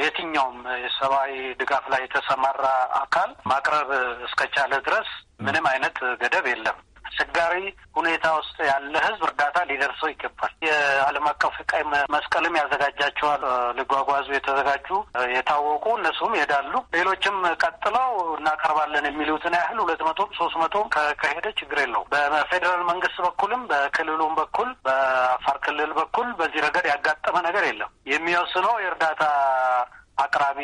የትኛውም የሰብአዊ ድጋፍ ላይ የተሰማራ አካል ማቅረብ እስከቻለ ድረስ ምንም አይነት ገደብ የለም። አስቸጋሪ ሁኔታ ውስጥ ያለ ህዝብ እርዳታ ሊደርሰው ይገባል። የዓለም አቀፍ ቀይ መስቀልም ያዘጋጃቸዋል ሊጓጓዙ የተዘጋጁ የታወቁ እነሱም ይሄዳሉ። ሌሎችም ቀጥለው እናቀርባለን የሚሉትን ያህል ሁለት መቶም ሶስት መቶም ከሄደ ችግር የለው በፌዴራል መንግስት በኩልም በክልሉም በኩል በአፋር ክልል በኩል በዚህ ረገድ ያጋጠመ ነገር የለም። የሚወስነው የእርዳታ አቅራቢ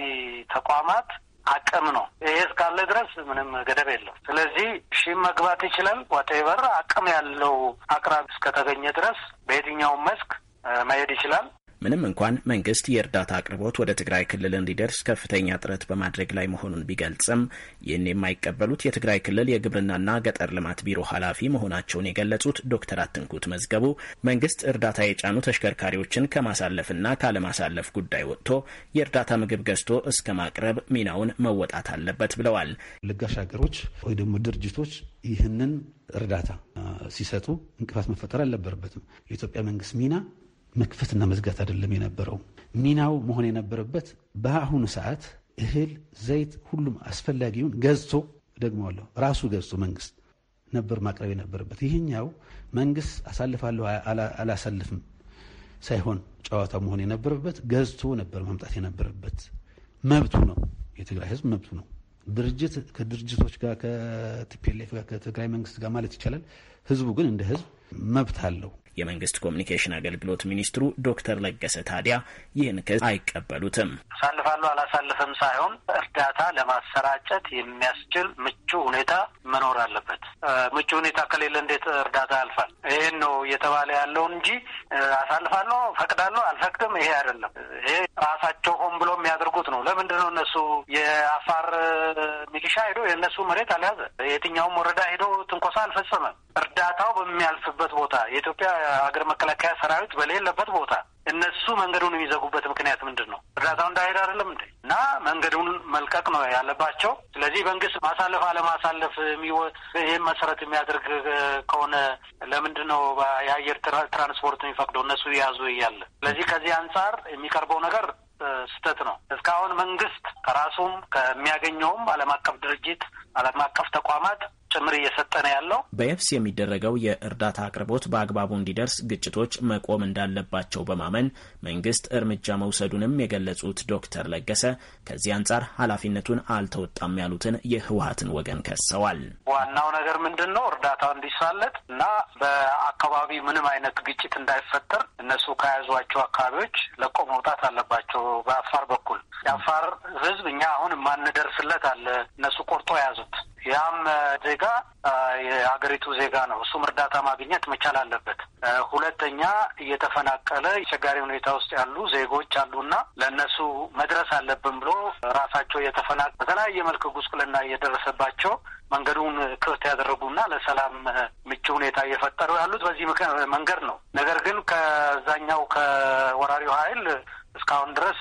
ተቋማት አቅም ነው። ይሄ እስካለ ድረስ ምንም ገደብ የለም። ስለዚህ ሺ መግባት ይችላል። ዋቴቨር አቅም ያለው አቅራቢ እስከተገኘ ድረስ በየትኛውም መስክ መሄድ ይችላል። ምንም እንኳን መንግስት የእርዳታ አቅርቦት ወደ ትግራይ ክልል እንዲደርስ ከፍተኛ ጥረት በማድረግ ላይ መሆኑን ቢገልጽም ይህን የማይቀበሉት የትግራይ ክልል የግብርናና ገጠር ልማት ቢሮ ኃላፊ መሆናቸውን የገለጹት ዶክተር አትንኩት መዝገቡ መንግስት እርዳታ የጫኑ ተሽከርካሪዎችን ከማሳለፍና ካለማሳለፍ ጉዳይ ወጥቶ የእርዳታ ምግብ ገዝቶ እስከ ማቅረብ ሚናውን መወጣት አለበት ብለዋል። ለጋሽ ሀገሮች ወይ ደግሞ ድርጅቶች ይህንን እርዳታ ሲሰጡ እንቅፋት መፈጠር አልነበረበትም። የኢትዮጵያ መንግስት ሚና መክፈትና መዝጋት አይደለም የነበረው ሚናው መሆን የነበረበት በአሁኑ ሰዓት እህል፣ ዘይት፣ ሁሉም አስፈላጊውን ገዝቶ ደግመዋለሁ ራሱ ገዝቶ መንግስት ነበር ማቅረብ የነበረበት። ይህኛው መንግስት አሳልፋለሁ አላሳልፍም ሳይሆን ጨዋታ መሆን የነበረበት ገዝቶ ነበር ማምጣት የነበረበት። መብቱ ነው፣ የትግራይ ህዝብ መብቱ ነው። ድርጅት ከድርጅቶች ጋር ከቲፒኤልኤፍ ጋር ከትግራይ መንግስት ጋር ማለት ይቻላል ህዝቡ ግን እንደ ህዝብ መብት አለው። የመንግስት ኮሚኒኬሽን አገልግሎት ሚኒስትሩ ዶክተር ለገሰ ታዲያ ይህን ክስ አይቀበሉትም። አሳልፋሉ አላሳልፍም ሳይሆን እርዳታ ለማሰራጨት የሚያስችል ምቹ ሁኔታ መኖር አለበት። ምቹ ሁኔታ ከሌለ እንዴት እርዳታ ያልፋል? ይህን ነው እየተባለ ያለውን እንጂ አሳልፋለ ፈቅዳለሁ፣ አልፈቅድም ይሄ አይደለም። ይሄ ራሳቸው ሆን ብሎ የሚያደርጉት ነው። ለምንድን ነው እነሱ የአፋር ሚሊሻ ሄዶ የእነሱ መሬት አልያዘ? የትኛውም ወረዳ ሄዶ ትንኮሳ አልፈጸመም። እርዳታው በሚያልፍበት ቦታ የኢትዮጵያ ሀገር መከላከያ ሰራዊት በሌለበት ቦታ እነሱ መንገዱን የሚዘጉበት ምክንያት ምንድን ነው? እርዳታው እንዳይሄድ አይደለም እንዴ? እና መንገዱን መልቀቅ ነው ያለባቸው። ስለዚህ መንግስት ማሳለፍ አለማሳለፍ ይህን መሰረት የሚያደርግ ከሆነ ለምንድን ነው የአየር ትራንስፖርት የሚፈቅደው እነሱ የያዙ እያለ? ስለዚህ ከዚህ አንጻር የሚቀርበው ነገር ስህተት ነው። እስካሁን መንግስት ከራሱም ከሚያገኘውም ዓለም አቀፍ ድርጅት ዓለም አቀፍ ተቋማት ጭምር እየሰጠ ነው ያለው። በየብስ የሚደረገው የእርዳታ አቅርቦት በአግባቡ እንዲደርስ ግጭቶች መቆም እንዳለባቸው በማመን መንግስት እርምጃ መውሰዱንም የገለጹት ዶክተር ለገሰ ከዚህ አንጻር ኃላፊነቱን አልተወጣም ያሉትን የህወሀትን ወገን ከሰዋል። ዋናው ነገር ምንድን ነው? እርዳታው እንዲሳለጥ እና በአካባቢ ምንም አይነት ግጭት እንዳይፈጠር እነሱ ከያዟቸው አካባቢዎች ለቆ መውጣት አለባቸው በአፋር በኩል የአፋር ህዝብ እኛ አሁን የማንደርስለት አለ። እነሱ ቆርጦ የያዙት ያም ዜጋ የሀገሪቱ ዜጋ ነው። እሱም እርዳታ ማግኘት መቻል አለበት። ሁለተኛ እየተፈናቀለ አስቸጋሪ ሁኔታ ውስጥ ያሉ ዜጎች አሉና ለእነሱ መድረስ አለብን ብሎ ራሳቸው እየተፈናቀ በተለያየ መልክ ጉስቁልና እየደረሰባቸው መንገዱን ክፍት ያደረጉና ለሰላም ምቹ ሁኔታ እየፈጠሩ ያሉት በዚህ መንገድ ነው። ነገር ግን ከዛኛው ከወራሪው ኃይል እስካሁን ድረስ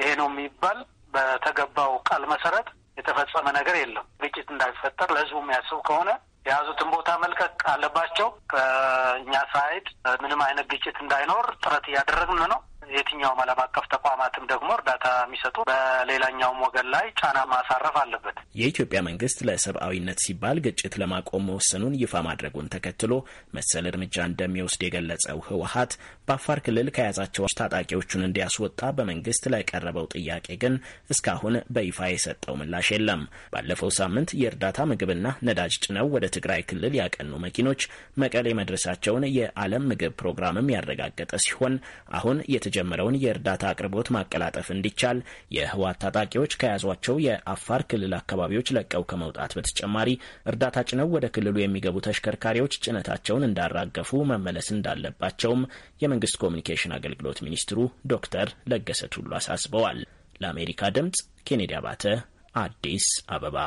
ይሄ ነው የሚባል በተገባው ቃል መሰረት የተፈጸመ ነገር የለም። ግጭት እንዳይፈጠር ለህዝቡ የሚያስብ ከሆነ የያዙትን ቦታ መልቀቅ አለባቸው። ከእኛ ሳይድ ምንም አይነት ግጭት እንዳይኖር ጥረት እያደረግን ነው። የትኛውም ዓለም አቀፍ ተቋማትም ደግሞ እርዳታ የሚሰጡ በሌላኛውም ወገን ላይ ጫና ማሳረፍ አለበት። የኢትዮጵያ መንግስት ለሰብአዊነት ሲባል ግጭት ለማቆም መወሰኑን ይፋ ማድረጉን ተከትሎ መሰል እርምጃ እንደሚወስድ የገለጸው ህወሀት በአፋር ክልል ከያዛቸው ታጣቂዎቹን እንዲያስወጣ በመንግስት ለቀረበው ጥያቄ ግን እስካሁን በይፋ የሰጠው ምላሽ የለም። ባለፈው ሳምንት የእርዳታ ምግብና ነዳጅ ጭነው ወደ ትግራይ ክልል ያቀኑ መኪኖች መቀሌ መድረሳቸውን የዓለም ምግብ ፕሮግራምም ያረጋገጠ ሲሆን አሁን የተጀመረውን የእርዳታ አቅርቦት ማቀላጠፍ እንዲቻል የህወሓት ታጣቂዎች ከያዟቸው የአፋር ክልል አካባቢዎች ለቀው ከመውጣት በተጨማሪ እርዳታ ጭነው ወደ ክልሉ የሚገቡ ተሽከርካሪዎች ጭነታቸውን እንዳራገፉ መመለስ እንዳለባቸውም የመንግስት ኮሚኒኬሽን አገልግሎት ሚኒስትሩ ዶክተር ለገሰ ቱሉ አሳስበዋል። ለአሜሪካ ድምፅ ኬኔዲ አባተ አዲስ አበባ።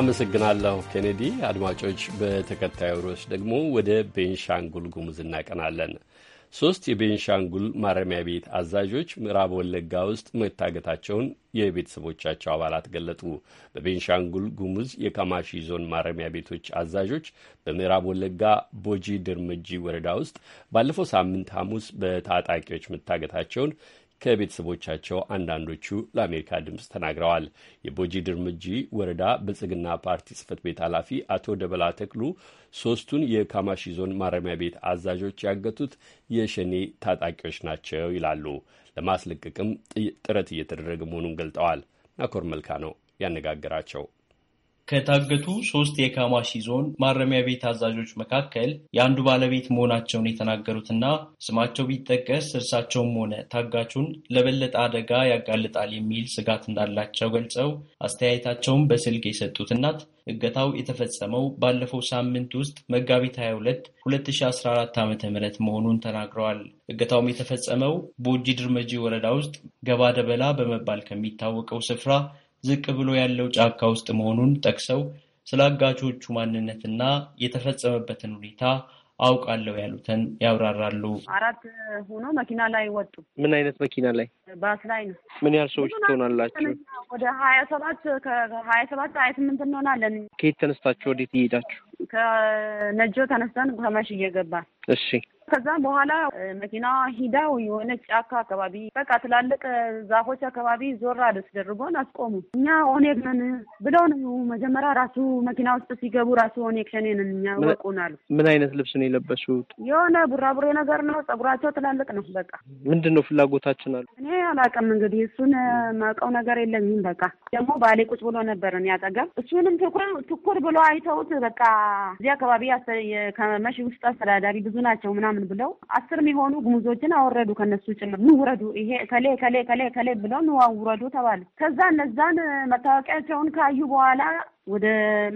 አመሰግናለሁ ኬኔዲ። አድማጮች፣ በተከታዩ ርዕስ ደግሞ ወደ ቤንሻንጉል ጉሙዝ እናቀናለን። ሶስት የቤንሻንጉል ማረሚያ ቤት አዛዦች ምዕራብ ወለጋ ውስጥ መታገታቸውን የቤተሰቦቻቸው አባላት ገለጡ። በቤንሻንጉል ጉሙዝ የካማሺ ዞን ማረሚያ ቤቶች አዛዦች በምዕራብ ወለጋ ቦጂ ድርመጂ ወረዳ ውስጥ ባለፈው ሳምንት ሐሙስ በታጣቂዎች መታገታቸውን ከቤተሰቦቻቸው አንዳንዶቹ ለአሜሪካ ድምፅ ተናግረዋል። የቦጂ ድርምጂ ወረዳ ብልጽግና ፓርቲ ጽህፈት ቤት ኃላፊ አቶ ደበላ ተክሉ ሶስቱን የካማሺ ዞን ማረሚያ ቤት አዛዦች ያገቱት የሸኔ ታጣቂዎች ናቸው ይላሉ። ለማስለቀቅም ጥረት እየተደረገ መሆኑን ገልጠዋል። ናኮር መልካ ነው ያነጋገራቸው። ከታገቱ ሶስት የካማሺ ዞን ማረሚያ ቤት አዛዦች መካከል የአንዱ ባለቤት መሆናቸውን የተናገሩትና ስማቸው ቢጠቀስ እርሳቸውም ሆነ ታጋቹን ለበለጠ አደጋ ያጋልጣል የሚል ስጋት እንዳላቸው ገልጸው አስተያየታቸውን በስልክ የሰጡት እናት እገታው የተፈጸመው ባለፈው ሳምንት ውስጥ መጋቢት 22 2014 ዓ ም መሆኑን ተናግረዋል። እገታውም የተፈጸመው ቦጂ ድርመጂ ወረዳ ውስጥ ገባ ደበላ በመባል ከሚታወቀው ስፍራ ዝቅ ብሎ ያለው ጫካ ውስጥ መሆኑን ጠቅሰው ስለ አጋቾቹ ማንነትና የተፈጸመበትን ሁኔታ አውቃለሁ ያሉትን ያብራራሉ። አራት ሆኖ መኪና ላይ ወጡ። ምን አይነት መኪና ላይ? ባስ ላይ ነው። ምን ያህል ሰዎች ትሆናላችሁ? ወደ ሀያ ሰባት ከሀያ ሰባት ሀያ ስምንት እንሆናለን። ከየት ተነስታችሁ ወዴት እየሄዳችሁ? ከነጆ ተነስተን ከመሽ እየገባ እሺ ከዛ በኋላ መኪና ሂዳው የሆነ ጫካ አካባቢ በቃ ትላልቅ ዛፎች አካባቢ ዞር አስደርጎን አስቆሙ። እኛ ኦኔግ ነን ብለው ነው መጀመሪያ ራሱ መኪና ውስጥ ሲገቡ ራሱ ኦኔግ ሸኔ ነን እኛ ወቁን አሉ። ምን አይነት ልብስ ነው የለበሱት? የሆነ ቡራቡሬ ነገር ነው። ጸጉራቸው ትላልቅ ነው። በቃ ምንድን ነው ፍላጎታችን አሉ። እኔ አላውቅም እንግዲህ እሱን ማውቀው ነገር የለኝም። በቃ ደግሞ ባሌ ቁጭ ብሎ ነበር እኔ አጠገብ። እሱንም ትኩር ትኩር ብሎ አይተውት በቃ እዚህ አካባቢ ከመሽ ውስጥ አስተዳዳሪ ብዙ ናቸው ምናምን ምናምን ብለው አስርም የሆኑ ጉሙዞችን አወረዱ። ከነሱ ጭምር ኑ ውረዱ፣ ይሄ ከሌ ከሌ ከሌ ከሌ ብለው ኑ ውረዱ ተባሉ። ከዛ እነዛን መታወቂያቸውን ካዩ በኋላ ወደ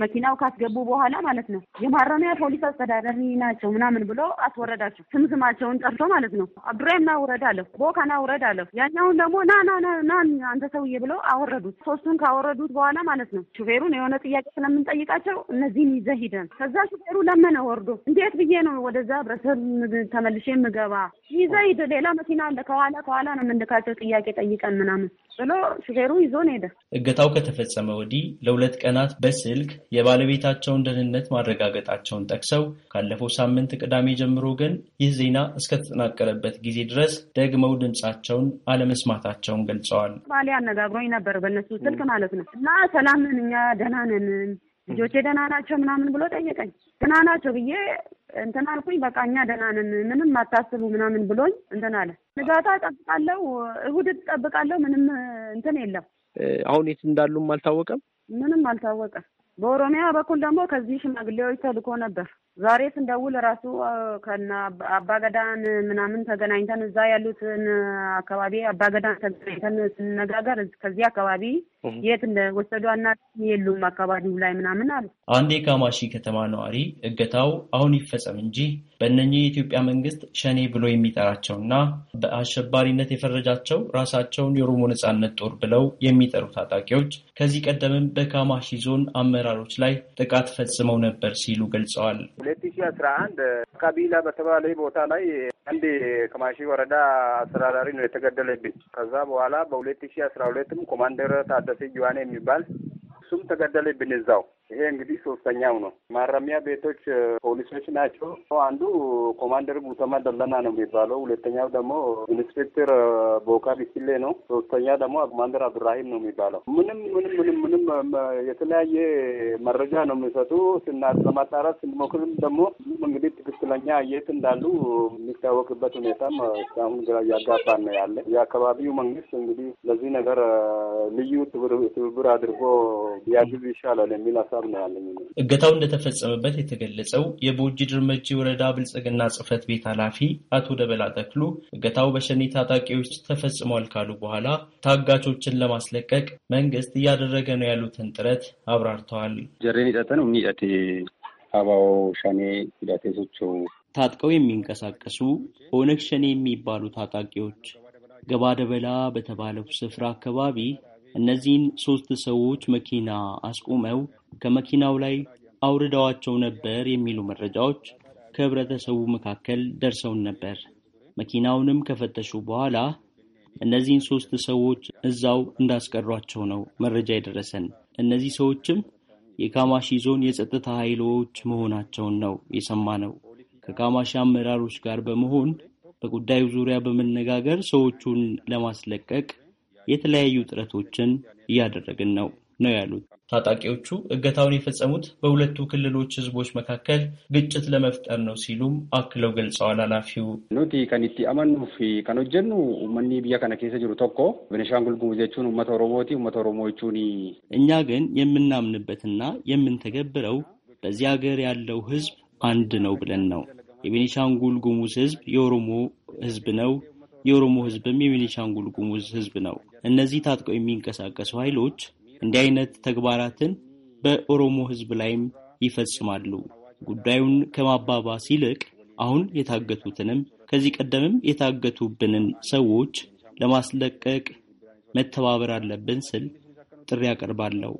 መኪናው ካስገቡ በኋላ ማለት ነው የማረሚያ ፖሊስ አስተዳደሪ ናቸው ምናምን ብሎ አስወረዳቸው። ስምስማቸውን ጠርቶ ማለት ነው አብዱራሂም ና ውረድ አለሁ፣ ቦካ ና ውረድ አለሁ። ያኛውን ደግሞ ና ና ና አንተ ሰውዬ ብለው አወረዱት። ሶስቱን ካወረዱት በኋላ ማለት ነው ሹፌሩን የሆነ ጥያቄ ስለምንጠይቃቸው እነዚህን ይዘህ ሂደን ከዛ ሹፌሩ ለመነ ወርዶ እንዴት ብዬ ነው ወደዛ ህብረተሰብ ተመልሼ የምገባ ይዘህ ሂድ፣ ሌላ መኪና አለ ከኋላ ከኋላ ነው የምንልካቸው ጥያቄ ጠይቀን ምናምን ብሎ ሹፌሩ ይዞን ሄደ። እገታው ከተፈጸመ ወዲህ ለሁለት ቀናት በስልክ የባለቤታቸውን ደህንነት ማረጋገጣቸውን ጠቅሰው ካለፈው ሳምንት ቅዳሜ ጀምሮ ግን ይህ ዜና እስከተጠናቀረበት ጊዜ ድረስ ደግመው ድምፃቸውን አለመስማታቸውን ገልጸዋል። ባሌ አነጋግሮኝ ነበር በእነሱ ስልክ ማለት ነው እና ሰላም ነን እኛ ደህና ነን ልጆቼ ደህና ናቸው ምናምን ብሎ ጠየቀኝ። ደህና ናቸው ብዬ እንትን አልኩኝ። በቃ እኛ ደህና ነን ምንም አታስቡ ምናምን ብሎኝ እንትን አለ። ንጋታ እጠብቃለሁ፣ እሁድ እጠብቃለሁ። ምንም እንትን የለም። አሁን የት እንዳሉም አልታወቀም። ምንም አልታወቀ በኦሮሚያ በኩል ደግሞ ከዚህ ሽማግሌዎች ተልኮ ነበር። ዛሬ ስንደውል ራሱ ከና አባገዳን ምናምን ተገናኝተን እዛ ያሉትን አካባቢ አባገዳን ተገናኝተን ስንነጋገር ከዚህ አካባቢ የት እንደወሰዱ አናውቅም፣ የሉም አካባቢው ላይ ምናምን አሉ። አንድ የካማሺ ከተማ ነዋሪ እገታው አሁን ይፈጸም እንጂ በእነኚህ የኢትዮጵያ መንግስት ሸኔ ብሎ የሚጠራቸውና በአሸባሪነት የፈረጃቸው ራሳቸውን የኦሮሞ ነጻነት ጦር ብለው የሚጠሩ ታጣቂዎች ከዚህ ቀደምም በካማሺ ዞን አመራሮች ላይ ጥቃት ፈጽመው ነበር ሲሉ ገልጸዋል። ሁለት ሺ አስራ አንድ ካቢላ በተባለ ቦታ ላይ አንድ ከማሺ ወረዳ አስተዳዳሪ ነው የተገደለብኝ። ከዛ በኋላ በሁለት ሺ አስራ ሁለትም ኮማንደር ታደሰ ጅዋኔ የሚባል እሱም ተገደለብን እዛው ይሄ እንግዲህ ሶስተኛው ነው። ማረሚያ ቤቶች ፖሊሶች ናቸው። አንዱ ኮማንደር ጉተማ ደለና ነው የሚባለው፣ ሁለተኛው ደግሞ ኢንስፔክተር ቦካ ቢኪሌ ነው። ሶስተኛ ደግሞ ኮማንደር አብራሂም ነው የሚባለው። ምንም ምንም ምንም ምንም የተለያየ መረጃ ነው የሚሰጡ ስና ለማጣራት ስንሞክርም ደግሞ እንግዲህ ትክክለኛ የት እንዳሉ የሚታወቅበት ሁኔታም እስካሁን ግራ እያጋባን ነው ያለ። የአካባቢው መንግስት እንግዲህ ለዚህ ነገር ልዩ ትብብር አድርጎ ያግዝ ይሻላል የሚል ሀሳብ ነው ያለኝ። እገታው እንደተፈጸመበት የተገለጸው የቦጂ ድርመጂ ወረዳ ብልጽግና ጽህፈት ቤት ኃላፊ አቶ ደበላ ተክሉ እገታው በሸኔ ታጣቂዎች ተፈጽሟል ካሉ በኋላ ታጋቾችን ለማስለቀቅ መንግስት እያደረገ ነው ያሉትን ጥረት አብራርተዋል። ጀሬን ይጠጠን ሚጠት አባው ሸኔ ዳቴሶቸው ታጥቀው የሚንቀሳቀሱ ኦነግ ሸኔ የሚባሉ ታጣቂዎች ገባደበላ በተባለው ስፍራ አካባቢ እነዚህን ሦስት ሰዎች መኪና አስቁመው ከመኪናው ላይ አውርደዋቸው ነበር የሚሉ መረጃዎች ከህብረተሰቡ መካከል ደርሰውን ነበር። መኪናውንም ከፈተሹ በኋላ እነዚህን ሦስት ሰዎች እዛው እንዳስቀሯቸው ነው መረጃ የደረሰን። እነዚህ ሰዎችም የካማሺ ዞን የጸጥታ ኃይሎች መሆናቸውን ነው የሰማነው። ከካማሺ አመራሮች ጋር በመሆን በጉዳዩ ዙሪያ በመነጋገር ሰዎቹን ለማስለቀቅ የተለያዩ ጥረቶችን እያደረግን ነው ነው ያሉት። ታጣቂዎቹ እገታውን የፈጸሙት በሁለቱ ክልሎች ህዝቦች መካከል ግጭት ለመፍጠር ነው ሲሉም አክለው ገልጸዋል። ኃላፊው ኑቲ ከኒቲ አመኑ ፊ ከኖጀኑ መኒ ብያ ከነ ኬሰ ጅሩ ቶኮ ቤኒሻንጉል ጉሙዝ ኡመተ ኦሮሞቲ ኡመተ ኦሮሞዎቹኒ እኛ ግን የምናምንበትና የምንተገብረው በዚህ ሀገር ያለው ህዝብ አንድ ነው ብለን ነው። የቤኒሻንጉል ጉሙዝ ህዝብ የኦሮሞ ህዝብ ነው የኦሮሞ ህዝብም የቤኒሻንጉል ጉሙዝ ህዝብ ነው። እነዚህ ታጥቀው የሚንቀሳቀሱ ኃይሎች እንዲህ አይነት ተግባራትን በኦሮሞ ህዝብ ላይም ይፈጽማሉ። ጉዳዩን ከማባባስ ይልቅ አሁን የታገቱትንም ከዚህ ቀደምም የታገቱብንን ሰዎች ለማስለቀቅ መተባበር አለብን ስል ጥሪ አቀርባለሁ።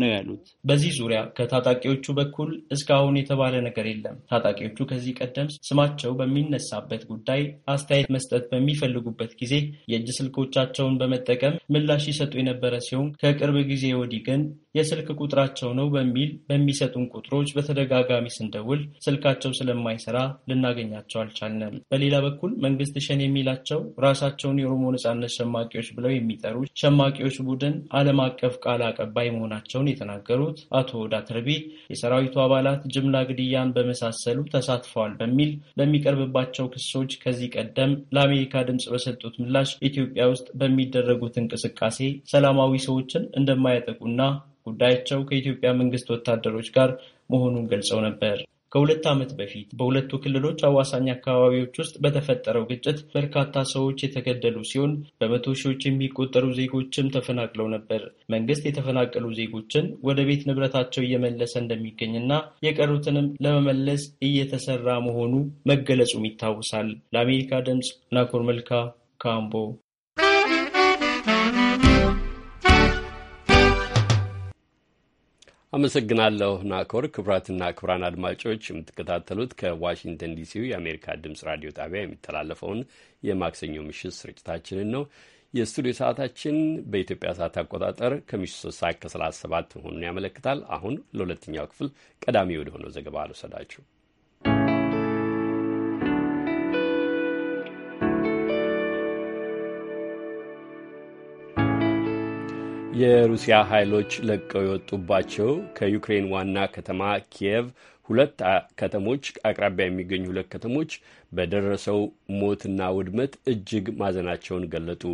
ነው ያሉት። በዚህ ዙሪያ ከታጣቂዎቹ በኩል እስካሁን የተባለ ነገር የለም። ታጣቂዎቹ ከዚህ ቀደም ስማቸው በሚነሳበት ጉዳይ አስተያየት መስጠት በሚፈልጉበት ጊዜ የእጅ ስልኮቻቸውን በመጠቀም ምላሽ ይሰጡ የነበረ ሲሆን ከቅርብ ጊዜ ወዲህ ግን የስልክ ቁጥራቸው ነው በሚል በሚሰጡን ቁጥሮች በተደጋጋሚ ስንደውል ስልካቸው ስለማይሰራ ልናገኛቸው አልቻልንም። በሌላ በኩል መንግስት ሸን የሚላቸው ራሳቸውን የኦሮሞ ነጻነት ሸማቂዎች ብለው የሚጠሩ ሸማቂዎች ቡድን ዓለም አቀፍ ቃል አቀባይ መሆናቸው መሆናቸውን የተናገሩት አቶ ዳትርቢ የሰራዊቱ አባላት ጅምላ ግድያን በመሳሰሉ ተሳትፈዋል በሚል ለሚቀርብባቸው ክሶች ከዚህ ቀደም ለአሜሪካ ድምፅ በሰጡት ምላሽ ኢትዮጵያ ውስጥ በሚደረጉት እንቅስቃሴ ሰላማዊ ሰዎችን እንደማያጠቁና ጉዳያቸው ከኢትዮጵያ መንግስት ወታደሮች ጋር መሆኑን ገልጸው ነበር። ከሁለት ዓመት በፊት በሁለቱ ክልሎች አዋሳኝ አካባቢዎች ውስጥ በተፈጠረው ግጭት በርካታ ሰዎች የተገደሉ ሲሆን በመቶ ሺዎች የሚቆጠሩ ዜጎችም ተፈናቅለው ነበር። መንግስት የተፈናቀሉ ዜጎችን ወደ ቤት ንብረታቸው እየመለሰ እንደሚገኝና የቀሩትንም ለመመለስ እየተሰራ መሆኑ መገለጹም ይታወሳል። ለአሜሪካ ድምፅ ናኮር መልካ ካምቦ አመሰግናለሁ ናኮር። ክቡራትና ክቡራን አድማጮች የምትከታተሉት ከዋሽንግተን ዲሲው የአሜሪካ ድምፅ ራዲዮ ጣቢያ የሚተላለፈውን የማክሰኞ ምሽት ስርጭታችንን ነው። የስቱዲዮ ሰዓታችን በኢትዮጵያ ሰዓት አቆጣጠር ከምሽቱ ሶስት ሰዓት ከሰላሳ ሰባት መሆኑን ያመለክታል። አሁን ለሁለተኛው ክፍል ቀዳሚ ወደሆነው ዘገባ አልወሰዳችሁ የሩሲያ ኃይሎች ለቀው የወጡባቸው ከዩክሬን ዋና ከተማ ኪየቭ ሁለት ከተሞች አቅራቢያ የሚገኙ ሁለት ከተሞች በደረሰው ሞትና ውድመት እጅግ ማዘናቸውን ገለጡ።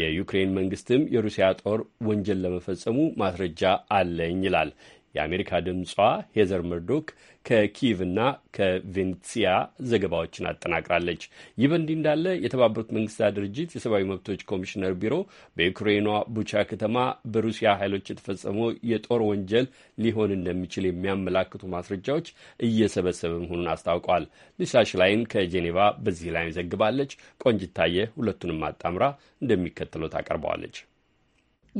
የዩክሬን መንግስትም የሩሲያ ጦር ወንጀል ለመፈጸሙ ማስረጃ አለኝ ይላል። የአሜሪካ ድምጿ ሄዘር ምርዶክ ከኪቭና ከቬንሲያ ዘገባዎችን አጠናቅራለች። ይህ በእንዲህ እንዳለ የተባበሩት መንግስታት ድርጅት የሰብአዊ መብቶች ኮሚሽነር ቢሮ በዩክሬኗ ቡቻ ከተማ በሩሲያ ኃይሎች የተፈጸመው የጦር ወንጀል ሊሆን እንደሚችል የሚያመላክቱ ማስረጃዎች እየሰበሰበ መሆኑን አስታውቋል። ሊሳ ሽላይን ከጄኔቫ በዚህ ላይ ዘግባለች። ቆንጅታየ ሁለቱንም አጣምራ እንደሚከተለው ታቀርበዋለች።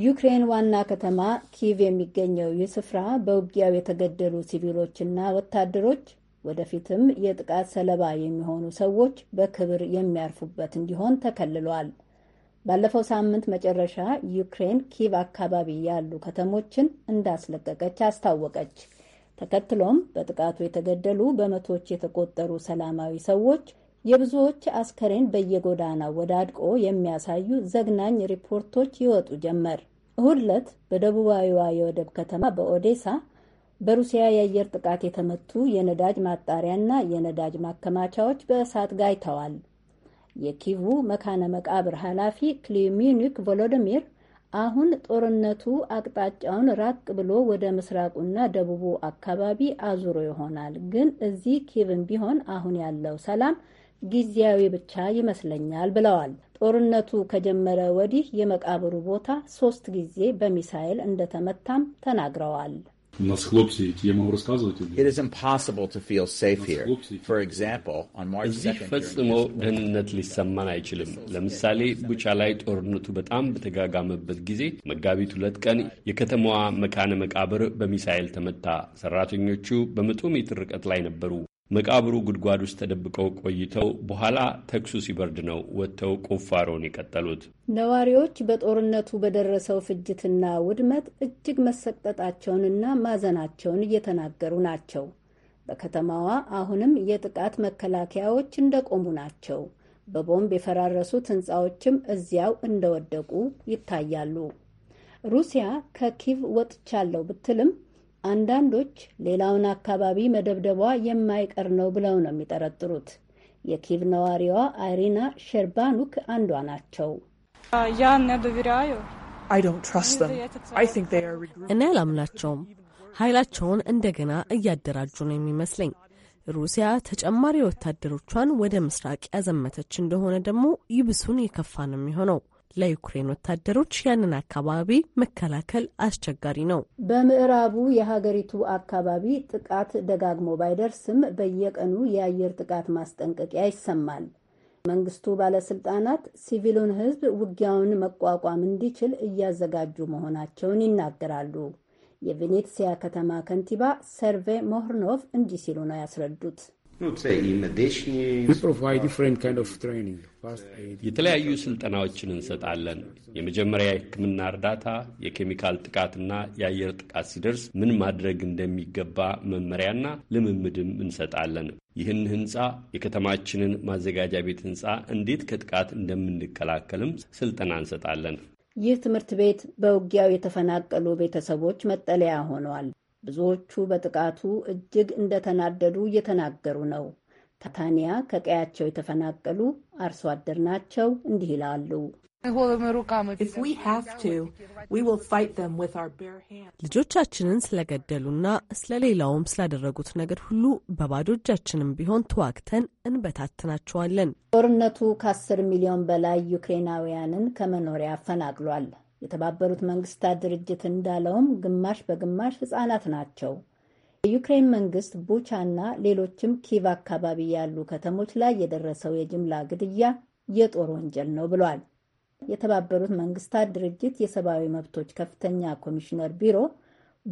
ዩክሬን ዋና ከተማ ኪቭ የሚገኘው ይህ ስፍራ በውጊያው የተገደሉ ሲቪሎችና ወታደሮች ወደፊትም የጥቃት ሰለባ የሚሆኑ ሰዎች በክብር የሚያርፉበት እንዲሆን ተከልሏል። ባለፈው ሳምንት መጨረሻ ዩክሬን ኪቭ አካባቢ ያሉ ከተሞችን እንዳስለቀቀች አስታወቀች። ተከትሎም በጥቃቱ የተገደሉ በመቶዎች የተቆጠሩ ሰላማዊ ሰዎች የብዙዎች አስከሬን በየጎዳናው ወዳድቆ የሚያሳዩ ዘግናኝ ሪፖርቶች ይወጡ ጀመር። እሁድ ዕለት በደቡባዊዋ የወደብ ከተማ በኦዴሳ በሩሲያ የአየር ጥቃት የተመቱ የነዳጅ ማጣሪያና የነዳጅ ማከማቻዎች በእሳት ጋይተዋል። የኪቩ መካነ መቃብር ኃላፊ ክሊሚኒክ ቮሎዲሚር አሁን ጦርነቱ አቅጣጫውን ራቅ ብሎ ወደ ምስራቁና ደቡቡ አካባቢ አዙሮ ይሆናል፣ ግን እዚህ ኪቭም ቢሆን አሁን ያለው ሰላም ጊዜያዊ ብቻ ይመስለኛል ብለዋል። ጦርነቱ ከጀመረ ወዲህ የመቃብሩ ቦታ ሶስት ጊዜ በሚሳይል እንደተመታም ተናግረዋል። እዚህ ፈጽሞ ደህንነት ሊሰማን አይችልም። ለምሳሌ ቡቻ ላይ ጦርነቱ በጣም በተጋጋመበት ጊዜ መጋቢት ሁለት ቀን የከተማዋ መካነ መቃብር በሚሳኤል ተመታ። ሰራተኞቹ በመቶ ሜትር ርቀት ላይ ነበሩ። መቃብሩ ጉድጓድ ውስጥ ተደብቀው ቆይተው በኋላ ተኩሱ ሲበርድ ነው ወጥተው ቁፋሮውን የቀጠሉት። ነዋሪዎች በጦርነቱ በደረሰው ፍጅትና ውድመት እጅግ መሰጠጣቸውንና ማዘናቸውን እየተናገሩ ናቸው። በከተማዋ አሁንም የጥቃት መከላከያዎች እንደቆሙ ናቸው። በቦምብ የፈራረሱት ሕንፃዎችም እዚያው እንደወደቁ ይታያሉ። ሩሲያ ከኪቭ ወጥቻለሁ ብትልም አንዳንዶች ሌላውን አካባቢ መደብደቧ የማይቀር ነው ብለው ነው የሚጠረጥሩት። የኪቭ ነዋሪዋ አይሪና ሸርባኑክ አንዷ ናቸው። እኔ አላምናቸውም። ኃይላቸውን እንደገና እያደራጁ ነው የሚመስለኝ። ሩሲያ ተጨማሪ ወታደሮቿን ወደ ምስራቅ ያዘመተች እንደሆነ ደግሞ ይብሱን የከፋ ነው የሚሆነው። ለዩክሬን ወታደሮች ያንን አካባቢ መከላከል አስቸጋሪ ነው። በምዕራቡ የሀገሪቱ አካባቢ ጥቃት ደጋግሞ ባይደርስም በየቀኑ የአየር ጥቃት ማስጠንቀቂያ ይሰማል። መንግስቱ ባለስልጣናት ሲቪሉን ሕዝብ ውጊያውን መቋቋም እንዲችል እያዘጋጁ መሆናቸውን ይናገራሉ። የቬኔትሲያ ከተማ ከንቲባ ሰርቬ ሞህርኖቭ እንዲህ ሲሉ ነው ያስረዱት። የተለያዩ ስልጠናዎችን እንሰጣለን። የመጀመሪያ የሕክምና እርዳታ፣ የኬሚካል ጥቃትና የአየር ጥቃት ሲደርስ ምን ማድረግ እንደሚገባ መመሪያና ልምምድም እንሰጣለን። ይህን ህንፃ የከተማችንን ማዘጋጃ ቤት ህንፃ እንዴት ከጥቃት እንደምንከላከልም ስልጠና እንሰጣለን። ይህ ትምህርት ቤት በውጊያው የተፈናቀሉ ቤተሰቦች መጠለያ ሆነዋል። ብዙዎቹ በጥቃቱ እጅግ እንደተናደዱ እየተናገሩ ነው። ታታኒያ ከቀያቸው የተፈናቀሉ አርሶ አደር ናቸው። እንዲህ ይላሉ። ልጆቻችንን ስለገደሉና ስለሌላውም ስላደረጉት ነገር ሁሉ በባዶ እጃችንም ቢሆን ተዋግተን እንበታትናቸዋለን። ጦርነቱ ከአስር ሚሊዮን በላይ ዩክሬናውያንን ከመኖሪያ አፈናቅሏል። የተባበሩት መንግስታት ድርጅት እንዳለውም ግማሽ በግማሽ ህጻናት ናቸው። የዩክሬን መንግስት ቡቻና ሌሎችም ኪቭ አካባቢ ያሉ ከተሞች ላይ የደረሰው የጅምላ ግድያ የጦር ወንጀል ነው ብሏል። የተባበሩት መንግስታት ድርጅት የሰብአዊ መብቶች ከፍተኛ ኮሚሽነር ቢሮ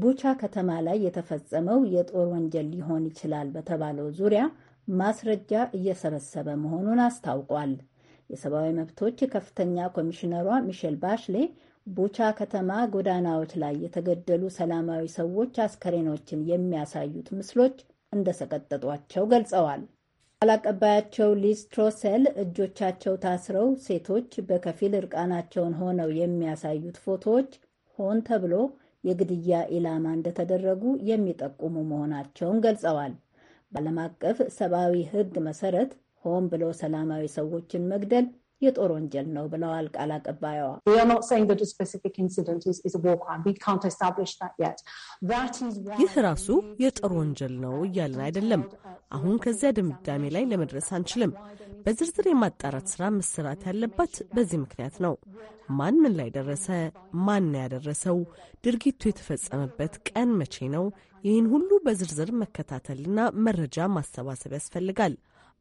ቡቻ ከተማ ላይ የተፈጸመው የጦር ወንጀል ሊሆን ይችላል በተባለው ዙሪያ ማስረጃ እየሰበሰበ መሆኑን አስታውቋል። የሰብአዊ መብቶች ከፍተኛ ኮሚሽነሯ ሚሼል ባሽሌ ቡቻ ከተማ ጎዳናዎች ላይ የተገደሉ ሰላማዊ ሰዎች አስከሬኖችን የሚያሳዩት ምስሎች እንደሰቀጠጧቸው ገልጸዋል። ቃል አቀባያቸው ሊዝ ትሮሰል እጆቻቸው ታስረው ሴቶች በከፊል እርቃናቸውን ሆነው የሚያሳዩት ፎቶዎች ሆን ተብሎ የግድያ ኢላማ እንደተደረጉ የሚጠቁሙ መሆናቸውን ገልጸዋል። በዓለም አቀፍ ሰብአዊ ሕግ መሰረት ሆን ብሎ ሰላማዊ ሰዎችን መግደል የጦር ወንጀል ነው ብለዋል ቃል አቀባይዋ። ይህ ራሱ የጦር ወንጀል ነው እያልን አይደለም። አሁን ከዚያ ድምዳሜ ላይ ለመድረስ አንችልም። በዝርዝር የማጣራት ስራ መሰራት ያለባት በዚህ ምክንያት ነው። ማን ምን ላይ ደረሰ? ማን ያደረሰው? ድርጊቱ የተፈጸመበት ቀን መቼ ነው? ይህን ሁሉ በዝርዝር መከታተልና መረጃ ማሰባሰብ ያስፈልጋል።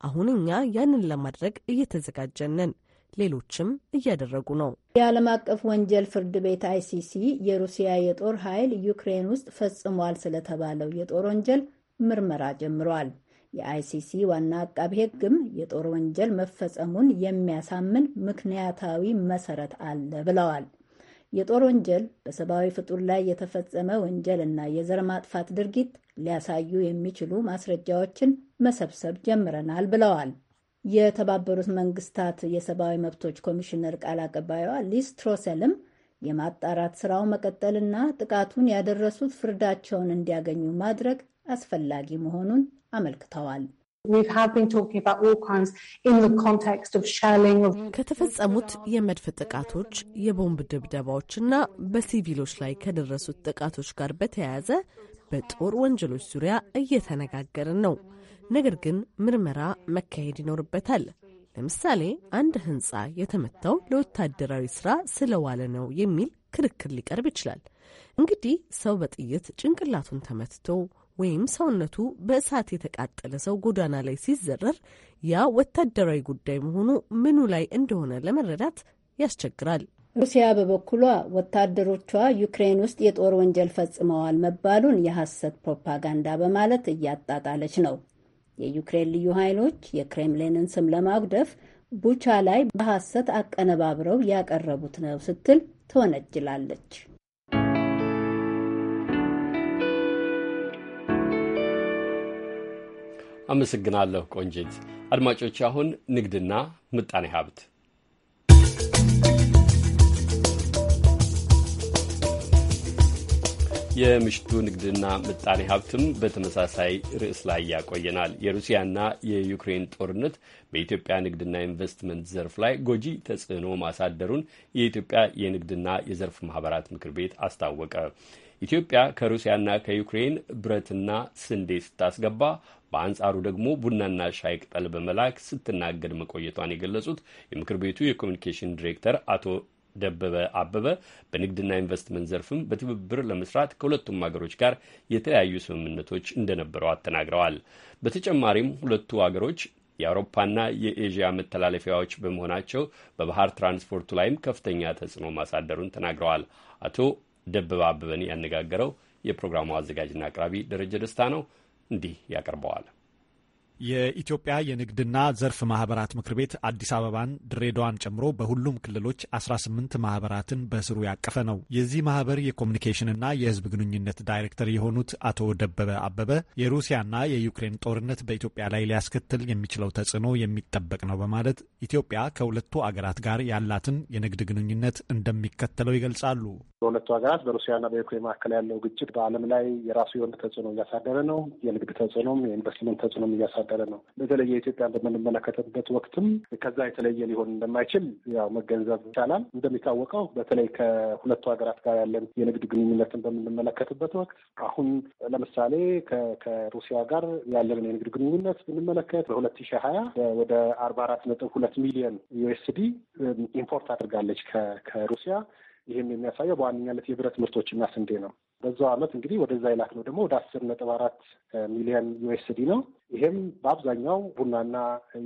አሁን እኛ ያንን ለማድረግ እየተዘጋጀን ነን። ሌሎችም እያደረጉ ነው። የዓለም አቀፍ ወንጀል ፍርድ ቤት አይሲሲ የሩሲያ የጦር ኃይል ዩክሬን ውስጥ ፈጽሟል ስለተባለው የጦር ወንጀል ምርመራ ጀምሯል። የአይሲሲ ዋና አቃቢ ሕግም የጦር ወንጀል መፈጸሙን የሚያሳምን ምክንያታዊ መሰረት አለ ብለዋል። የጦር ወንጀል በሰብአዊ ፍጡር ላይ የተፈጸመ ወንጀል እና የዘር ማጥፋት ድርጊት ሊያሳዩ የሚችሉ ማስረጃዎችን መሰብሰብ ጀምረናል ብለዋል የተባበሩት መንግስታት የሰብአዊ መብቶች ኮሚሽነር ቃል አቀባይዋ ሊስ ትሮሰልም የማጣራት ስራው መቀጠልና ጥቃቱን ያደረሱት ፍርዳቸውን እንዲያገኙ ማድረግ አስፈላጊ መሆኑን አመልክተዋል። ከተፈጸሙት የመድፍ ጥቃቶች፣ የቦምብ ድብደባዎችና በሲቪሎች ላይ ከደረሱት ጥቃቶች ጋር በተያያዘ በጦር ወንጀሎች ዙሪያ እየተነጋገርን ነው። ነገር ግን ምርመራ መካሄድ ይኖርበታል። ለምሳሌ አንድ ህንፃ የተመታው ለወታደራዊ ስራ ስለዋለ ነው የሚል ክርክር ሊቀርብ ይችላል። እንግዲህ ሰው በጥይት ጭንቅላቱን ተመትቶ ወይም ሰውነቱ በእሳት የተቃጠለ ሰው ጎዳና ላይ ሲዘረር ያ ወታደራዊ ጉዳይ መሆኑ ምኑ ላይ እንደሆነ ለመረዳት ያስቸግራል። ሩሲያ በበኩሏ ወታደሮቿ ዩክሬን ውስጥ የጦር ወንጀል ፈጽመዋል መባሉን የሐሰት ፕሮፓጋንዳ በማለት እያጣጣለች ነው። የዩክሬን ልዩ ኃይሎች የክሬምሊንን ስም ለማጉደፍ ቡቻ ላይ በሐሰት አቀነባብረው ያቀረቡት ነው ስትል ትወነጅላለች። አመሰግናለሁ ቆንጂት። አድማጮች አሁን ንግድና ምጣኔ ሀብት የምሽቱ ንግድና ምጣኔ ሀብትም በተመሳሳይ ርዕስ ላይ ያቆየናል። የሩሲያና የዩክሬን ጦርነት በኢትዮጵያ ንግድና ኢንቨስትመንት ዘርፍ ላይ ጎጂ ተጽዕኖ ማሳደሩን የኢትዮጵያ የንግድና የዘርፍ ማህበራት ምክር ቤት አስታወቀ። ኢትዮጵያ ከሩሲያና ከዩክሬን ብረትና ስንዴ ስታስገባ በአንጻሩ ደግሞ ቡናና ሻይ ቅጠል በመላክ ስትናገድ መቆየቷን የገለጹት የምክር ቤቱ የኮሚኒኬሽን ዲሬክተር አቶ ደበበ አበበ በንግድና ኢንቨስትመንት ዘርፍም በትብብር ለመስራት ከሁለቱም ሀገሮች ጋር የተለያዩ ስምምነቶች እንደነበረው ተናግረዋል። በተጨማሪም ሁለቱ ሀገሮች የአውሮፓና የኤዥያ መተላለፊያዎች በመሆናቸው በባህር ትራንስፖርቱ ላይም ከፍተኛ ተጽዕኖ ማሳደሩን ተናግረዋል። አቶ ደበበ አበበን ያነጋገረው የፕሮግራሙ አዘጋጅና አቅራቢ ደረጀ ደስታ ነው። እንዲህ ያቀርበዋል። የኢትዮጵያ የንግድና ዘርፍ ማህበራት ምክር ቤት አዲስ አበባን ድሬዳዋን ጨምሮ በሁሉም ክልሎች 18 ማህበራትን በስሩ ያቀፈ ነው። የዚህ ማህበር የኮሚኒኬሽንና የህዝብ ግንኙነት ዳይሬክተር የሆኑት አቶ ደበበ አበበ የሩሲያና የዩክሬን ጦርነት በኢትዮጵያ ላይ ሊያስከትል የሚችለው ተጽዕኖ የሚጠበቅ ነው በማለት ኢትዮጵያ ከሁለቱ አገራት ጋር ያላትን የንግድ ግንኙነት እንደሚከተለው ይገልጻሉ። በሁለቱ ሀገራት በሩሲያና በዩክሬን መካከል ያለው ግጭት በዓለም ላይ የራሱ የሆነ ተጽዕኖ እያሳደረ ነው። የንግድ ተጽዕኖም የኢንቨስትመንት ተጽዕኖም እያሳደ የተጋደለ ነው። በተለይ ኢትዮጵያን በምንመለከትበት ወቅትም ከዛ የተለየ ሊሆን እንደማይችል ያው መገንዘብ ይቻላል። እንደሚታወቀው በተለይ ከሁለቱ ሀገራት ጋር ያለን የንግድ ግንኙነትን በምንመለከትበት ወቅት አሁን ለምሳሌ ከሩሲያ ጋር ያለንን የንግድ ግንኙነት ብንመለከት በሁለት ሺ ሀያ ወደ አርባ አራት ነጥብ ሁለት ሚሊዮን ዩኤስዲ ኢምፖርት አድርጋለች ከሩሲያ ይህም የሚያሳየው በዋነኛነት የብረት ምርቶችና ስንዴ ነው። በዛው ዓመት እንግዲህ ወደዛ የላክ ነው ደግሞ ወደ አስር ነጥብ አራት ሚሊዮን ዩኤስዲ ነው። ይህም በአብዛኛው ቡናና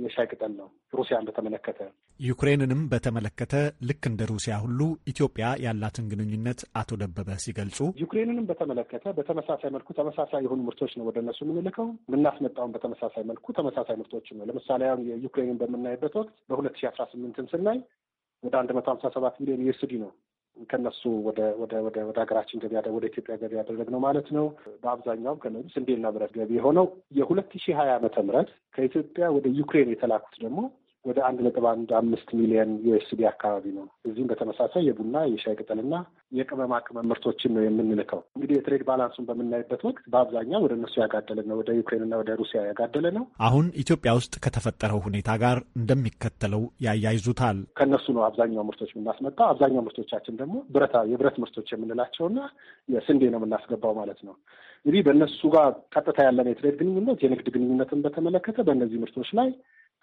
የሻይ ቅጠል ነው። ሩሲያን በተመለከተ ዩክሬንንም በተመለከተ ልክ እንደ ሩሲያ ሁሉ ኢትዮጵያ ያላትን ግንኙነት አቶ ደበበ ሲገልጹ ዩክሬንንም በተመለከተ በተመሳሳይ መልኩ ተመሳሳይ የሆኑ ምርቶች ነው ወደ እነሱ የምንልከው። የምናስመጣውን በተመሳሳይ መልኩ ተመሳሳይ ምርቶች ነው። ለምሳሌ አሁን የዩክሬንን በምናይበት ወቅት በሁለት ሺ አስራ ስምንትን ስናይ ወደ አንድ መቶ ሀምሳ ሰባት ሚሊዮን ዩኤስዲ ነው ከነሱ ወደ ወደ ወደ ሀገራችን ገቢ ወደ ኢትዮጵያ ያደረግ ያደረግነው ማለት ነው። በአብዛኛው ከነዚህ ስንዴና ብረት ገቢ የሆነው የሁለት ሺህ ሀያ ዓመተ ምህረት ከኢትዮጵያ ወደ ዩክሬን የተላኩት ደግሞ ወደ አንድ ነጥብ አንድ አምስት ሚሊዮን ዩኤስዲ አካባቢ ነው። እዚህም በተመሳሳይ የቡና የሻይ ቅጠልና የቅመማ ቅመም ምርቶችን ነው የምንልከው። እንግዲህ የትሬድ ባላንሱን በምናይበት ወቅት በአብዛኛው ወደ እነሱ ያጋደለ ነው፣ ወደ ዩክሬንና ወደ ሩሲያ ያጋደለ ነው። አሁን ኢትዮጵያ ውስጥ ከተፈጠረው ሁኔታ ጋር እንደሚከተለው ያያይዙታል። ከእነሱ ነው አብዛኛው ምርቶች የምናስመጣው። አብዛኛው ምርቶቻችን ደግሞ ብረታ የብረት ምርቶች የምንላቸውና የስንዴ ነው የምናስገባው ማለት ነው። እንግዲህ በእነሱ ጋር ቀጥታ ያለን የትሬድ ግንኙነት የንግድ ግንኙነትን በተመለከተ በእነዚህ ምርቶች ላይ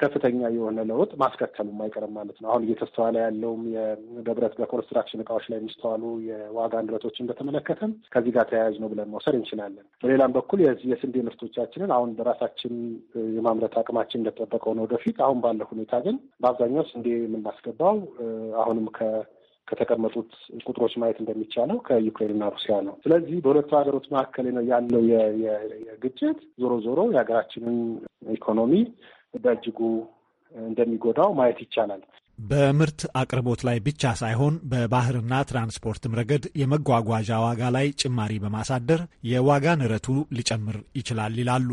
ከፍተኛ የሆነ ለውጥ ማስከተሉም አይቀርም ማለት ነው። አሁን እየተስተዋለ ያለውም የንብረት በኮንስትራክሽን እቃዎች ላይ የሚስተዋሉ የዋጋ ንረቶችን በተመለከተም ከዚህ ጋር ተያያዥ ነው ብለን መውሰድ እንችላለን። በሌላም በኩል የስንዴ ምርቶቻችንን አሁን በራሳችን የማምረት አቅማችን እንደተጠበቀው ነው ወደፊት። አሁን ባለ ሁኔታ ግን በአብዛኛው ስንዴ የምናስገባው አሁንም ከ ከተቀመጡት ቁጥሮች ማየት እንደሚቻለው ከዩክሬንና ሩሲያ ነው። ስለዚህ በሁለቱ ሀገሮች መካከል ያለው የግጭት ዞሮ ዞሮ የሀገራችንን ኢኮኖሚ በእጅጉ እንደሚጎዳው ማየት ይቻላል። በምርት አቅርቦት ላይ ብቻ ሳይሆን በባህርና ትራንስፖርትም ረገድ የመጓጓዣ ዋጋ ላይ ጭማሪ በማሳደር የዋጋ ንረቱ ሊጨምር ይችላል ይላሉ።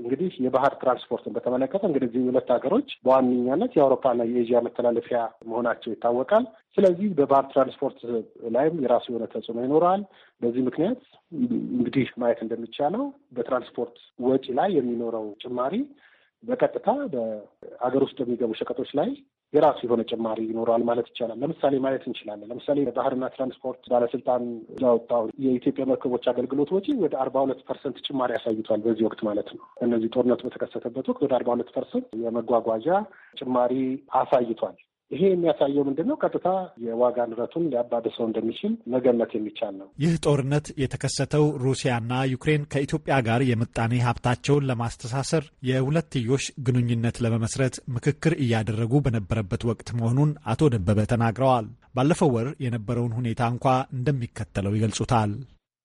እንግዲህ የባህር ትራንስፖርትን በተመለከተ እንግዲህ ሁለት ሀገሮች በዋነኛነት የአውሮፓና የኤዥያ መተላለፊያ መሆናቸው ይታወቃል። ስለዚህ በባህር ትራንስፖርት ላይም የራሱ የሆነ ተጽዕኖ ይኖረዋል። በዚህ ምክንያት እንግዲህ ማየት እንደሚቻለው በትራንስፖርት ወጪ ላይ የሚኖረው ጭማሪ በቀጥታ በአገር ውስጥ የሚገቡ ሸቀጦች ላይ የራሱ የሆነ ጭማሪ ይኖረዋል ማለት ይቻላል። ለምሳሌ ማየት እንችላለን። ለምሳሌ የባህርና ትራንስፖርት ባለስልጣን ያወጣው የኢትዮጵያ መርከቦች አገልግሎት ወጪ ወደ አርባ ሁለት ፐርሰንት ጭማሪ አሳይቷል። በዚህ ወቅት ማለት ነው። እነዚህ ጦርነቱ በተከሰተበት ወቅት ወደ አርባ ሁለት ፐርሰንት የመጓጓዣ ጭማሪ አሳይቷል። ይሄ የሚያሳየው ምንድን ነው? ቀጥታ የዋጋ ንረቱን ሊያባብሰው እንደሚችል መገመት የሚቻል ነው። ይህ ጦርነት የተከሰተው ሩሲያና ዩክሬን ከኢትዮጵያ ጋር የምጣኔ ሀብታቸውን ለማስተሳሰር የሁለትዮሽ ግንኙነት ለመመስረት ምክክር እያደረጉ በነበረበት ወቅት መሆኑን አቶ ደበበ ተናግረዋል። ባለፈው ወር የነበረውን ሁኔታ እንኳ እንደሚከተለው ይገልጹታል።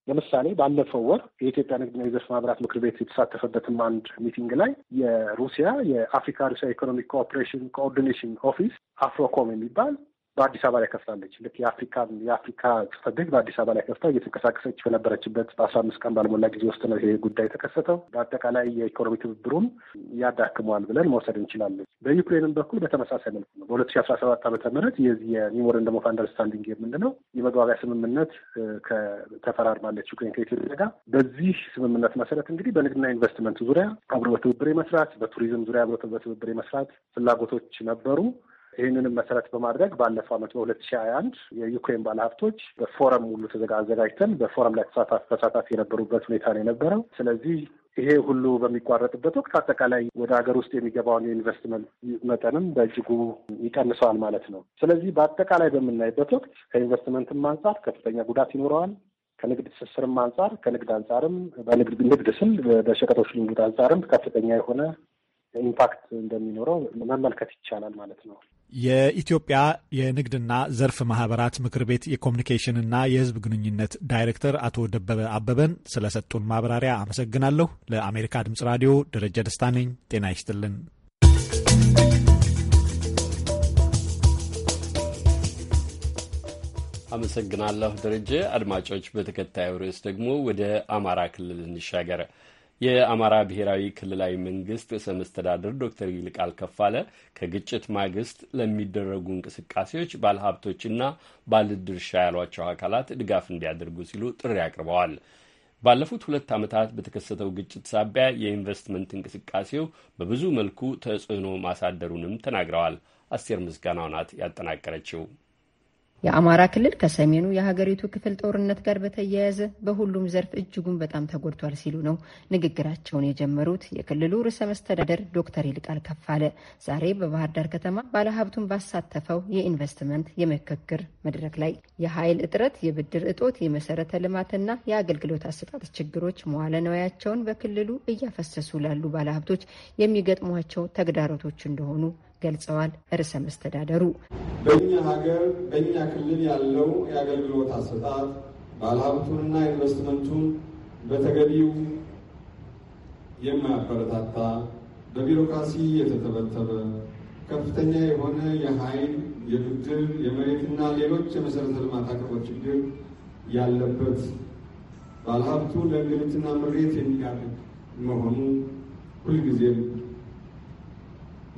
ለምሳሌ ባለፈው ወር የኢትዮጵያ ንግድና ኢንቨስትመንት ማህበራት ምክር ቤት የተሳተፈበትም አንድ ሚቲንግ ላይ የሩሲያ የአፍሪካ ሩሲያ ኢኮኖሚክ ኮኦፕሬሽን ኮኦርዲኔሽን ኦፊስ አፍሮኮም የሚባል በአዲስ አበባ ላይ ከፍታለች። ልክ የአፍሪካ የአፍሪካ ጽሕፈት ቤት በአዲስ አበባ ላይ ከፍታ እየተንቀሳቀሰች በነበረችበት በአስራ አምስት ቀን ባልሞላ ጊዜ ውስጥ ነው ይሄ ጉዳይ የተከሰተው። በአጠቃላይ የኢኮኖሚ ትብብሩን ያዳክመዋል ብለን መውሰድ እንችላለን። በዩክሬንም በኩል በተመሳሳይ መልኩ ነው። በሁለት ሺ አስራ ሰባት ዓመተ ምህረት የዚህ የሜሞራንደም ኦፍ አንደርስታንዲንግ የምንለው የመግባቢያ ስምምነት ተፈራርማለች ዩክሬን ከኢትዮጵያ ጋር። በዚህ ስምምነት መሰረት እንግዲህ በንግድና ኢንቨስትመንት ዙሪያ አብሮ በትብብር የመስራት በቱሪዝም ዙሪያ አብሮ በትብብር የመስራት ፍላጎቶች ነበሩ። ይህንንም መሰረት በማድረግ ባለፈው ዓመት በሁለት ሺህ ሀያ አንድ የዩክሬን ባለሀብቶች በፎረም ሁሉ አዘጋጅተን በፎረም ላይ ተሳታፊ የነበሩበት ሁኔታ ነው የነበረው። ስለዚህ ይሄ ሁሉ በሚቋረጥበት ወቅት አጠቃላይ ወደ ሀገር ውስጥ የሚገባውን የኢንቨስትመንት መጠንም በእጅጉ ይቀንሰዋል ማለት ነው። ስለዚህ በአጠቃላይ በምናይበት ወቅት ከኢንቨስትመንትም አንጻር ከፍተኛ ጉዳት ይኖረዋል። ከንግድ ትስስርም አንጻር ከንግድ አንጻርም በንግድ ንግድ ስል በሸቀጦች ልውውጥ አንጻርም ከፍተኛ የሆነ ኢምፓክት እንደሚኖረው መመልከት ይቻላል ማለት ነው። የኢትዮጵያ የንግድና ዘርፍ ማህበራት ምክር ቤት የኮሚኒኬሽንና የሕዝብ ግንኙነት ዳይሬክተር አቶ ደበበ አበበን ስለሰጡን ማብራሪያ አመሰግናለሁ። ለአሜሪካ ድምጽ ራዲዮ ደረጀ ደስታ ነኝ። ጤና ይስጥልን። አመሰግናለሁ ደረጀ። አድማጮች፣ በተከታዩ ርዕስ ደግሞ ወደ አማራ ክልል እንሻገር። የአማራ ብሔራዊ ክልላዊ መንግስት ርዕሰ መስተዳድር ዶክተር ይልቃል ከፋለ ከግጭት ማግስት ለሚደረጉ እንቅስቃሴዎች ባለሀብቶችና ባለድርሻ ያሏቸው አካላት ድጋፍ እንዲያደርጉ ሲሉ ጥሪ አቅርበዋል። ባለፉት ሁለት ዓመታት በተከሰተው ግጭት ሳቢያ የኢንቨስትመንት እንቅስቃሴው በብዙ መልኩ ተጽዕኖ ማሳደሩንም ተናግረዋል። አስቴር ምስጋናው ናት ያጠናቀረችው። የአማራ ክልል ከሰሜኑ የሀገሪቱ ክፍል ጦርነት ጋር በተያያዘ በሁሉም ዘርፍ እጅጉን በጣም ተጎድቷል ሲሉ ነው ንግግራቸውን የጀመሩት የክልሉ ርዕሰ መስተዳደር ዶክተር ይልቃል ከፋለ ዛሬ በባህር ዳር ከተማ ባለሀብቱን ባሳተፈው የኢንቨስትመንት የምክክር መድረክ ላይ የኃይል እጥረት፣ የብድር እጦት፣ የመሰረተ ልማትና የአገልግሎት አሰጣጥ ችግሮች መዋለ ንዋያቸውን በክልሉ እያፈሰሱ ላሉ ባለሀብቶች የሚገጥሟቸው ተግዳሮቶች እንደሆኑ ገልጸዋል። ርዕሰ መስተዳደሩ በእኛ ሀገር በእኛ ክልል ያለው የአገልግሎት አሰጣጥ ባለሀብቱንና ኢንቨስትመንቱን በተገቢው የማያበረታታ በቢሮክራሲ የተተበተበ ከፍተኛ የሆነ የኃይል የብድር የመሬትና ሌሎች የመሰረተ ልማት አቅርቦት ችግር ያለበት ባለሀብቱ ለእንግልትና ምሬት የሚዳርግ መሆኑ ሁልጊዜም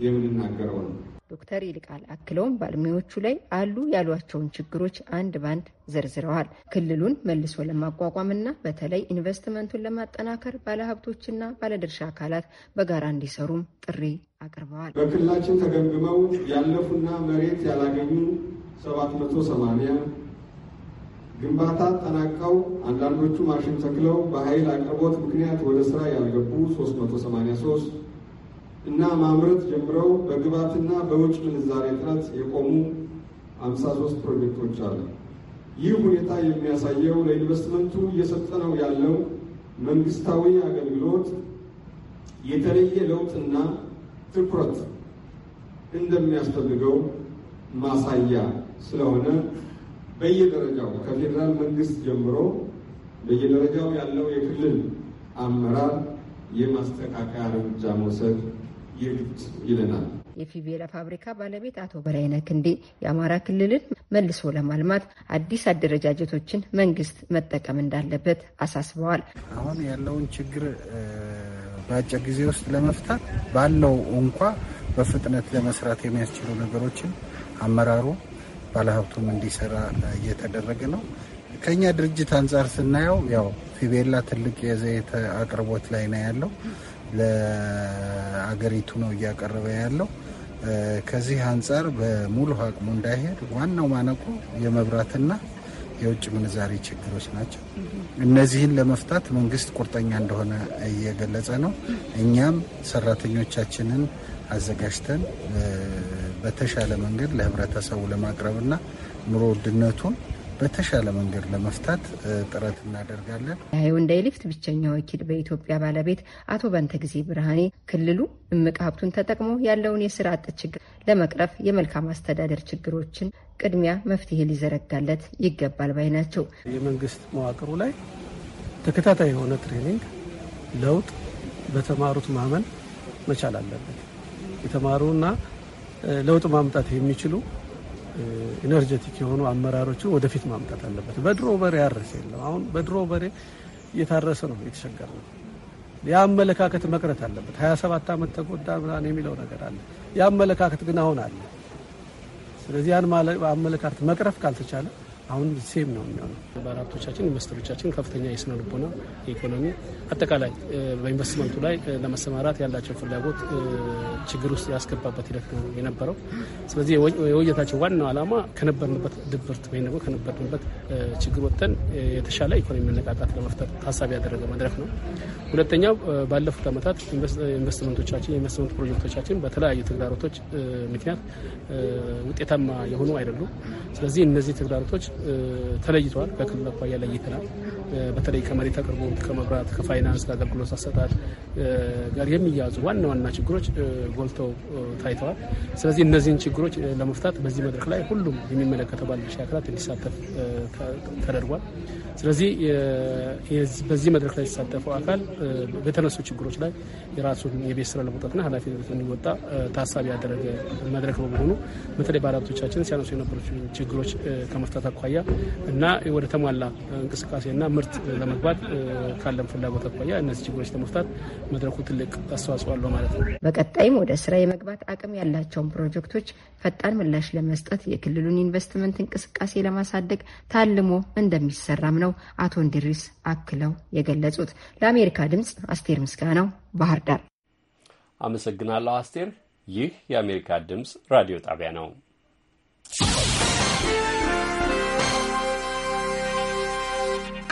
የምንናገረው ነው። ዶክተር ይልቃል አክለውም ባለሙያዎቹ ላይ አሉ ያሏቸውን ችግሮች አንድ ባንድ ዘርዝረዋል። ክልሉን መልሶ ለማቋቋምና በተለይ ኢንቨስትመንቱን ለማጠናከር ባለሀብቶችና ባለድርሻ አካላት በጋራ እንዲሰሩም ጥሪ አቅርበዋል። በክልላችን ተገምግመው ያለፉና መሬት ያላገኙ 780 ግንባታ አጠናቀው አንዳንዶቹ ማሽን ተክለው በኃይል አቅርቦት ምክንያት ወደ ስራ ያልገቡ 383 እና ማምረት ጀምረው በግብዓትና በውጭ ምንዛሬ እጥረት የቆሙ 53 ፕሮጀክቶች አሉ። ይህ ሁኔታ የሚያሳየው ለኢንቨስትመንቱ እየሰጠነው ያለው መንግስታዊ አገልግሎት የተለየ ለውጥና ትኩረት እንደሚያስፈልገው ማሳያ ስለሆነ በየደረጃው ከፌዴራል መንግስት ጀምሮ በየደረጃው ያለው የክልል አመራር የማስተካከያ እርምጃ መውሰድ የግድ ይለናል። የፊቤላ ፋብሪካ ባለቤት አቶ በላይነ ክንዴ የአማራ ክልልን መልሶ ለማልማት አዲስ አደረጃጀቶችን መንግስት መጠቀም እንዳለበት አሳስበዋል። አሁን ያለውን ችግር በአጭር ጊዜ ውስጥ ለመፍታት ባለው እንኳ በፍጥነት ለመስራት የሚያስችሉ ነገሮችን አመራሩ ባለሀብቱም እንዲሰራ እየተደረገ ነው። ከኛ ድርጅት አንጻር ስናየው ያው ፊቤላ ትልቅ የዘይት አቅርቦት ላይ ነው ያለው። ለአገሪቱ ነው እያቀረበ ያለው። ከዚህ አንጻር በሙሉ አቅሙ እንዳይሄድ ዋናው ማነቆ የመብራትና የውጭ ምንዛሪ ችግሮች ናቸው። እነዚህን ለመፍታት መንግስት ቁርጠኛ እንደሆነ እየገለጸ ነው። እኛም ሰራተኞቻችንን አዘጋጅተን በተሻለ መንገድ ለህብረተሰቡ ለማቅረብና ኑሮ ውድነቱን በተሻለ መንገድ ለመፍታት ጥረት እናደርጋለን። የሁንዳይ ሊፍት ብቸኛ ወኪል በኢትዮጵያ ባለቤት አቶ በንተ ጊዜ ብርሃኔ ክልሉ እምቅ ሀብቱን ተጠቅሞ ያለውን የስራ አጥ ችግር ለመቅረፍ የመልካም አስተዳደር ችግሮችን ቅድሚያ መፍትሄ ሊዘረጋለት ይገባል ባይ ናቸው። የመንግስት መዋቅሩ ላይ ተከታታይ የሆነ ትሬኒንግ ለውጥ በተማሩት ማመን መቻል አለበት። የተማሩና ለውጥ ማምጣት የሚችሉ ኢነርጀቲክ የሆኑ አመራሮችን ወደፊት ማምጣት አለበት። በድሮ በሬ ያረሰ የለም። አሁን በድሮ በሬ እየታረሰ ነው የተቸገር ነው። የአመለካከት መቅረት አለበት። 27 ዓመት ተጎዳ ምናምን የሚለው ነገር አለ። የአመለካከት ግን አሁን አለ። ስለዚህ ያን አመለካከት መቅረፍ ካልተቻለ አሁን ሴም ነው የሚሆነው። ባለሀብቶቻችን ኢንቨስተሮቻችን ከፍተኛ የስነ ልቦና፣ የኢኮኖሚ አጠቃላይ በኢንቨስትመንቱ ላይ ለመሰማራት ያላቸው ፍላጎት ችግር ውስጥ ያስገባበት ሂደት ነው የነበረው። ስለዚህ የውይይታችን ዋናው ዓላማ ከነበርንበት ድብርት ወይም ደግሞ ከነበርንበት ችግር ወጥተን የተሻለ ኢኮኖሚ መነቃቃት ለመፍጠር ታሳቢ ያደረገ መድረክ ነው። ሁለተኛው ባለፉት ዓመታት ኢንቨስትመንቶቻችን የኢንቨስትመንት ፕሮጀክቶቻችን በተለያዩ ተግዳሮቶች ምክንያት ውጤታማ የሆኑ አይደሉም። ስለዚህ እነዚህ ተግዳሮቶች ተለይተዋል። በክልል አኳያ ለይተናል። በተለይ ከመሬት አቅርቦት፣ ከመብራት፣ ከፋይናንስ፣ ከአገልግሎት አሰጣጥ ጋር የሚያዙ ዋና ዋና ችግሮች ጎልተው ታይተዋል። ስለዚህ እነዚህን ችግሮች ለመፍታት በዚህ መድረክ ላይ ሁሉም የሚመለከተው ባለድርሻ አካላት እንዲሳተፍ ተደርጓል። ስለዚህ በዚህ መድረክ ላይ የተሳተፈው አካል በተነሱ ችግሮች ላይ የራሱን የቤት ስራ ለመውጣትና ኃላፊነት እንዲወጣ ታሳቢ ያደረገ መድረክ በመሆኑ በተለይ ባለሀብቶቻችን ሲያነሱ የነበሩ ችግሮች ከመፍታት አኳያ እና ወደ ተሟላ እንቅስቃሴና ምርት ለመግባት ካለን ፍላጎት አኳያ እነዚህ ችግሮች ለመፍታት መድረኩ ትልቅ አስተዋጽኦ አለው ማለት ነው። በቀጣይም ወደ ስራ የመግባት አቅም ያላቸውን ፕሮጀክቶች ፈጣን ምላሽ ለመስጠት የክልሉን ኢንቨስትመንት እንቅስቃሴ ለማሳደግ ታልሞ እንደሚሰራም ነው አቶ እንድሪስ አክለው የገለጹት። ለአሜሪካ ድምፅ አስቴር ምስጋናው ባህር ዳር። አመሰግናለሁ አስቴር። ይህ የአሜሪካ ድምፅ ራዲዮ ጣቢያ ነው።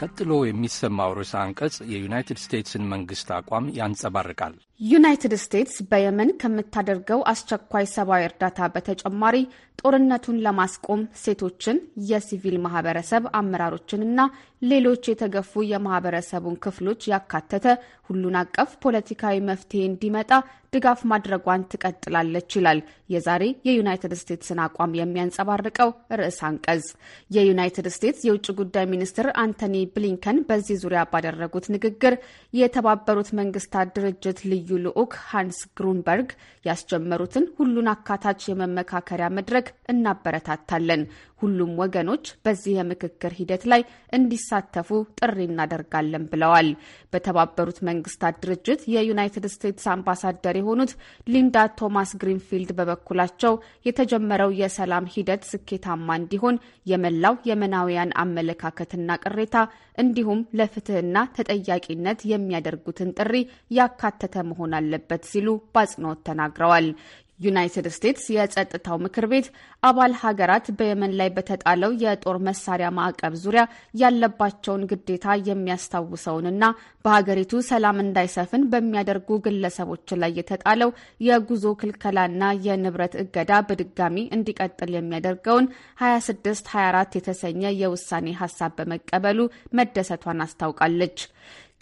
ቀጥሎ የሚሰማው ርዕሰ አንቀጽ የዩናይትድ ስቴትስን መንግሥት አቋም ያንጸባርቃል። ዩናይትድ ስቴትስ በየመን ከምታደርገው አስቸኳይ ሰብአዊ እርዳታ በተጨማሪ ጦርነቱን ለማስቆም ሴቶችን፣ የሲቪል ማህበረሰብ አመራሮችንና ሌሎች የተገፉ የማህበረሰቡን ክፍሎች ያካተተ ሁሉን አቀፍ ፖለቲካዊ መፍትሄ እንዲመጣ ድጋፍ ማድረጓን ትቀጥላለች ይላል የዛሬ የዩናይትድ ስቴትስን አቋም የሚያንጸባርቀው ርዕስ አንቀጽ። የዩናይትድ ስቴትስ የውጭ ጉዳይ ሚኒስትር አንቶኒ ብሊንከን በዚህ ዙሪያ ባደረጉት ንግግር የተባበሩት መንግስታት ድርጅት ልዩ ልዩ ልዑክ ሃንስ ግሩንበርግ ያስጀመሩትን ሁሉን አካታች የመመካከሪያ መድረክ እናበረታታለን። ሁሉም ወገኖች በዚህ የምክክር ሂደት ላይ እንዲሳተፉ ጥሪ እናደርጋለን ብለዋል። በተባበሩት መንግስታት ድርጅት የዩናይትድ ስቴትስ አምባሳደር የሆኑት ሊንዳ ቶማስ ግሪንፊልድ በበኩላቸው የተጀመረው የሰላም ሂደት ስኬታማ እንዲሆን የመላው የመናውያን አመለካከትና ቅሬታ እንዲሁም ለፍትህና ተጠያቂነት የሚያደርጉትን ጥሪ ያካተተ መሆን አለበት ሲሉ በአጽንኦት ተናግረዋል። ዩናይትድ ስቴትስ የጸጥታው ምክር ቤት አባል ሀገራት በየመን ላይ በተጣለው የጦር መሳሪያ ማዕቀብ ዙሪያ ያለባቸውን ግዴታ የሚያስታውሰውንና በሀገሪቱ ሰላም እንዳይሰፍን በሚያደርጉ ግለሰቦች ላይ የተጣለው የጉዞ ክልከላና የንብረት እገዳ በድጋሚ እንዲቀጥል የሚያደርገውን 2624 የተሰኘ የውሳኔ ሀሳብ በመቀበሉ መደሰቷን አስታውቃለች።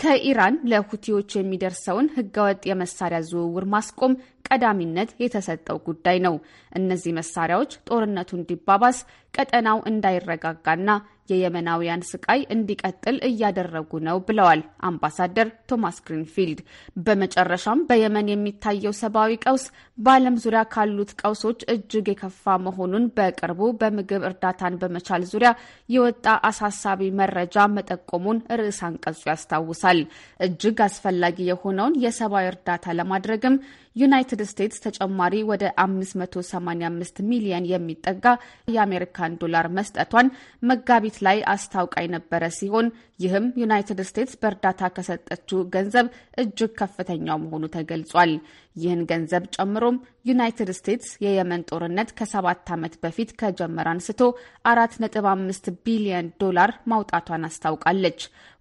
ከኢራን ለሁቲዎች የሚደርሰውን ህገወጥ የመሳሪያ ዝውውር ማስቆም ቀዳሚነት የተሰጠው ጉዳይ ነው። እነዚህ መሳሪያዎች ጦርነቱ እንዲባባስ ቀጠናው እንዳይረጋጋና የየመናውያን ስቃይ እንዲቀጥል እያደረጉ ነው ብለዋል አምባሳደር ቶማስ ግሪንፊልድ። በመጨረሻም በየመን የሚታየው ሰብአዊ ቀውስ በዓለም ዙሪያ ካሉት ቀውሶች እጅግ የከፋ መሆኑን በቅርቡ በምግብ እርዳታን በመቻል ዙሪያ የወጣ አሳሳቢ መረጃ መጠቆሙን ርዕስ አንቀጹ ያስታውሳል። እጅግ አስፈላጊ የሆነውን የሰብአዊ እርዳታ ለማድረግም ዩናይትድ ስቴትስ ተጨማሪ ወደ 585 ሚሊየን የሚጠጋ የአሜሪካን ዶላር መስጠቷን መጋቢት መሬት ላይ አስታውቃ የነበረ ሲሆን ይህም ዩናይትድ ስቴትስ በእርዳታ ከሰጠችው ገንዘብ እጅግ ከፍተኛው መሆኑ ተገልጿል። ይህን ገንዘብ ጨምሮም ዩናይትድ ስቴትስ የየመን ጦርነት ከሰባት ዓመት በፊት ከጀመረ አንስቶ አራት ነጥብ አምስት ቢሊዮን ዶላር ማውጣቷን አስታውቃለች።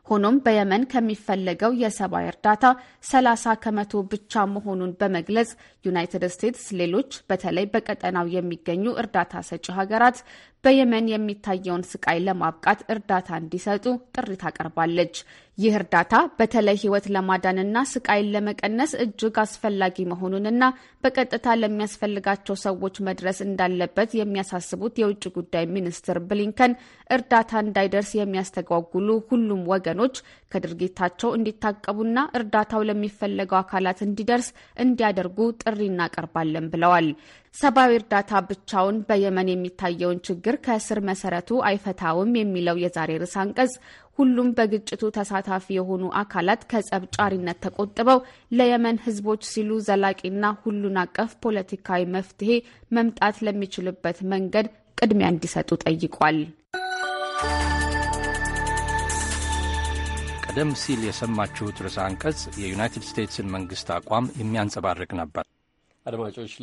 ሆኖም በየመን ከሚፈለገው የሰብአዊ እርዳታ 30 ከመቶ ብቻ መሆኑን በመግለጽ ዩናይትድ ስቴትስ ሌሎች በተለይ በቀጠናው የሚገኙ እርዳታ ሰጪ ሀገራት በየመን የሚታየውን ስቃይ ለማብቃት እርዳታ እንዲሰጡ ጥሪ ታቀርባለች። ይህ እርዳታ በተለይ ህይወት ለማዳንና ስቃይን ለመቀነስ እጅግ አስፈላጊ መሆኑንና በቀጥታ ለሚያስፈልጋቸው ሰዎች መድረስ እንዳለበት የሚያሳስቡት የውጭ ጉዳይ ሚኒስትር ብሊንከን እርዳታ እንዳይደርስ የሚያስተጓጉሉ ሁሉም ወገኖች ከድርጊታቸው እንዲታቀቡና እርዳታው ለሚፈለገው አካላት እንዲደርስ እንዲያደርጉ ጥሪ እናቀርባለን ብለዋል። ሰብአዊ እርዳታ ብቻውን በየመን የሚታየውን ችግር ከስር መሰረቱ አይፈታውም የሚለው የዛሬ ርዕስ አንቀጽ ሁሉም በግጭቱ ተሳታፊ የሆኑ አካላት ከጸብ ጫሪነት ተቆጥበው ለየመን ሕዝቦች ሲሉ ዘላቂና ሁሉን አቀፍ ፖለቲካዊ መፍትሄ መምጣት ለሚችልበት መንገድ ቅድሚያ እንዲሰጡ ጠይቋል። ቀደም ሲል የሰማችሁት ርዕሰ አንቀጽ የዩናይትድ ስቴትስን መንግስት አቋም የሚያንጸባርቅ ነበር። አድማጮች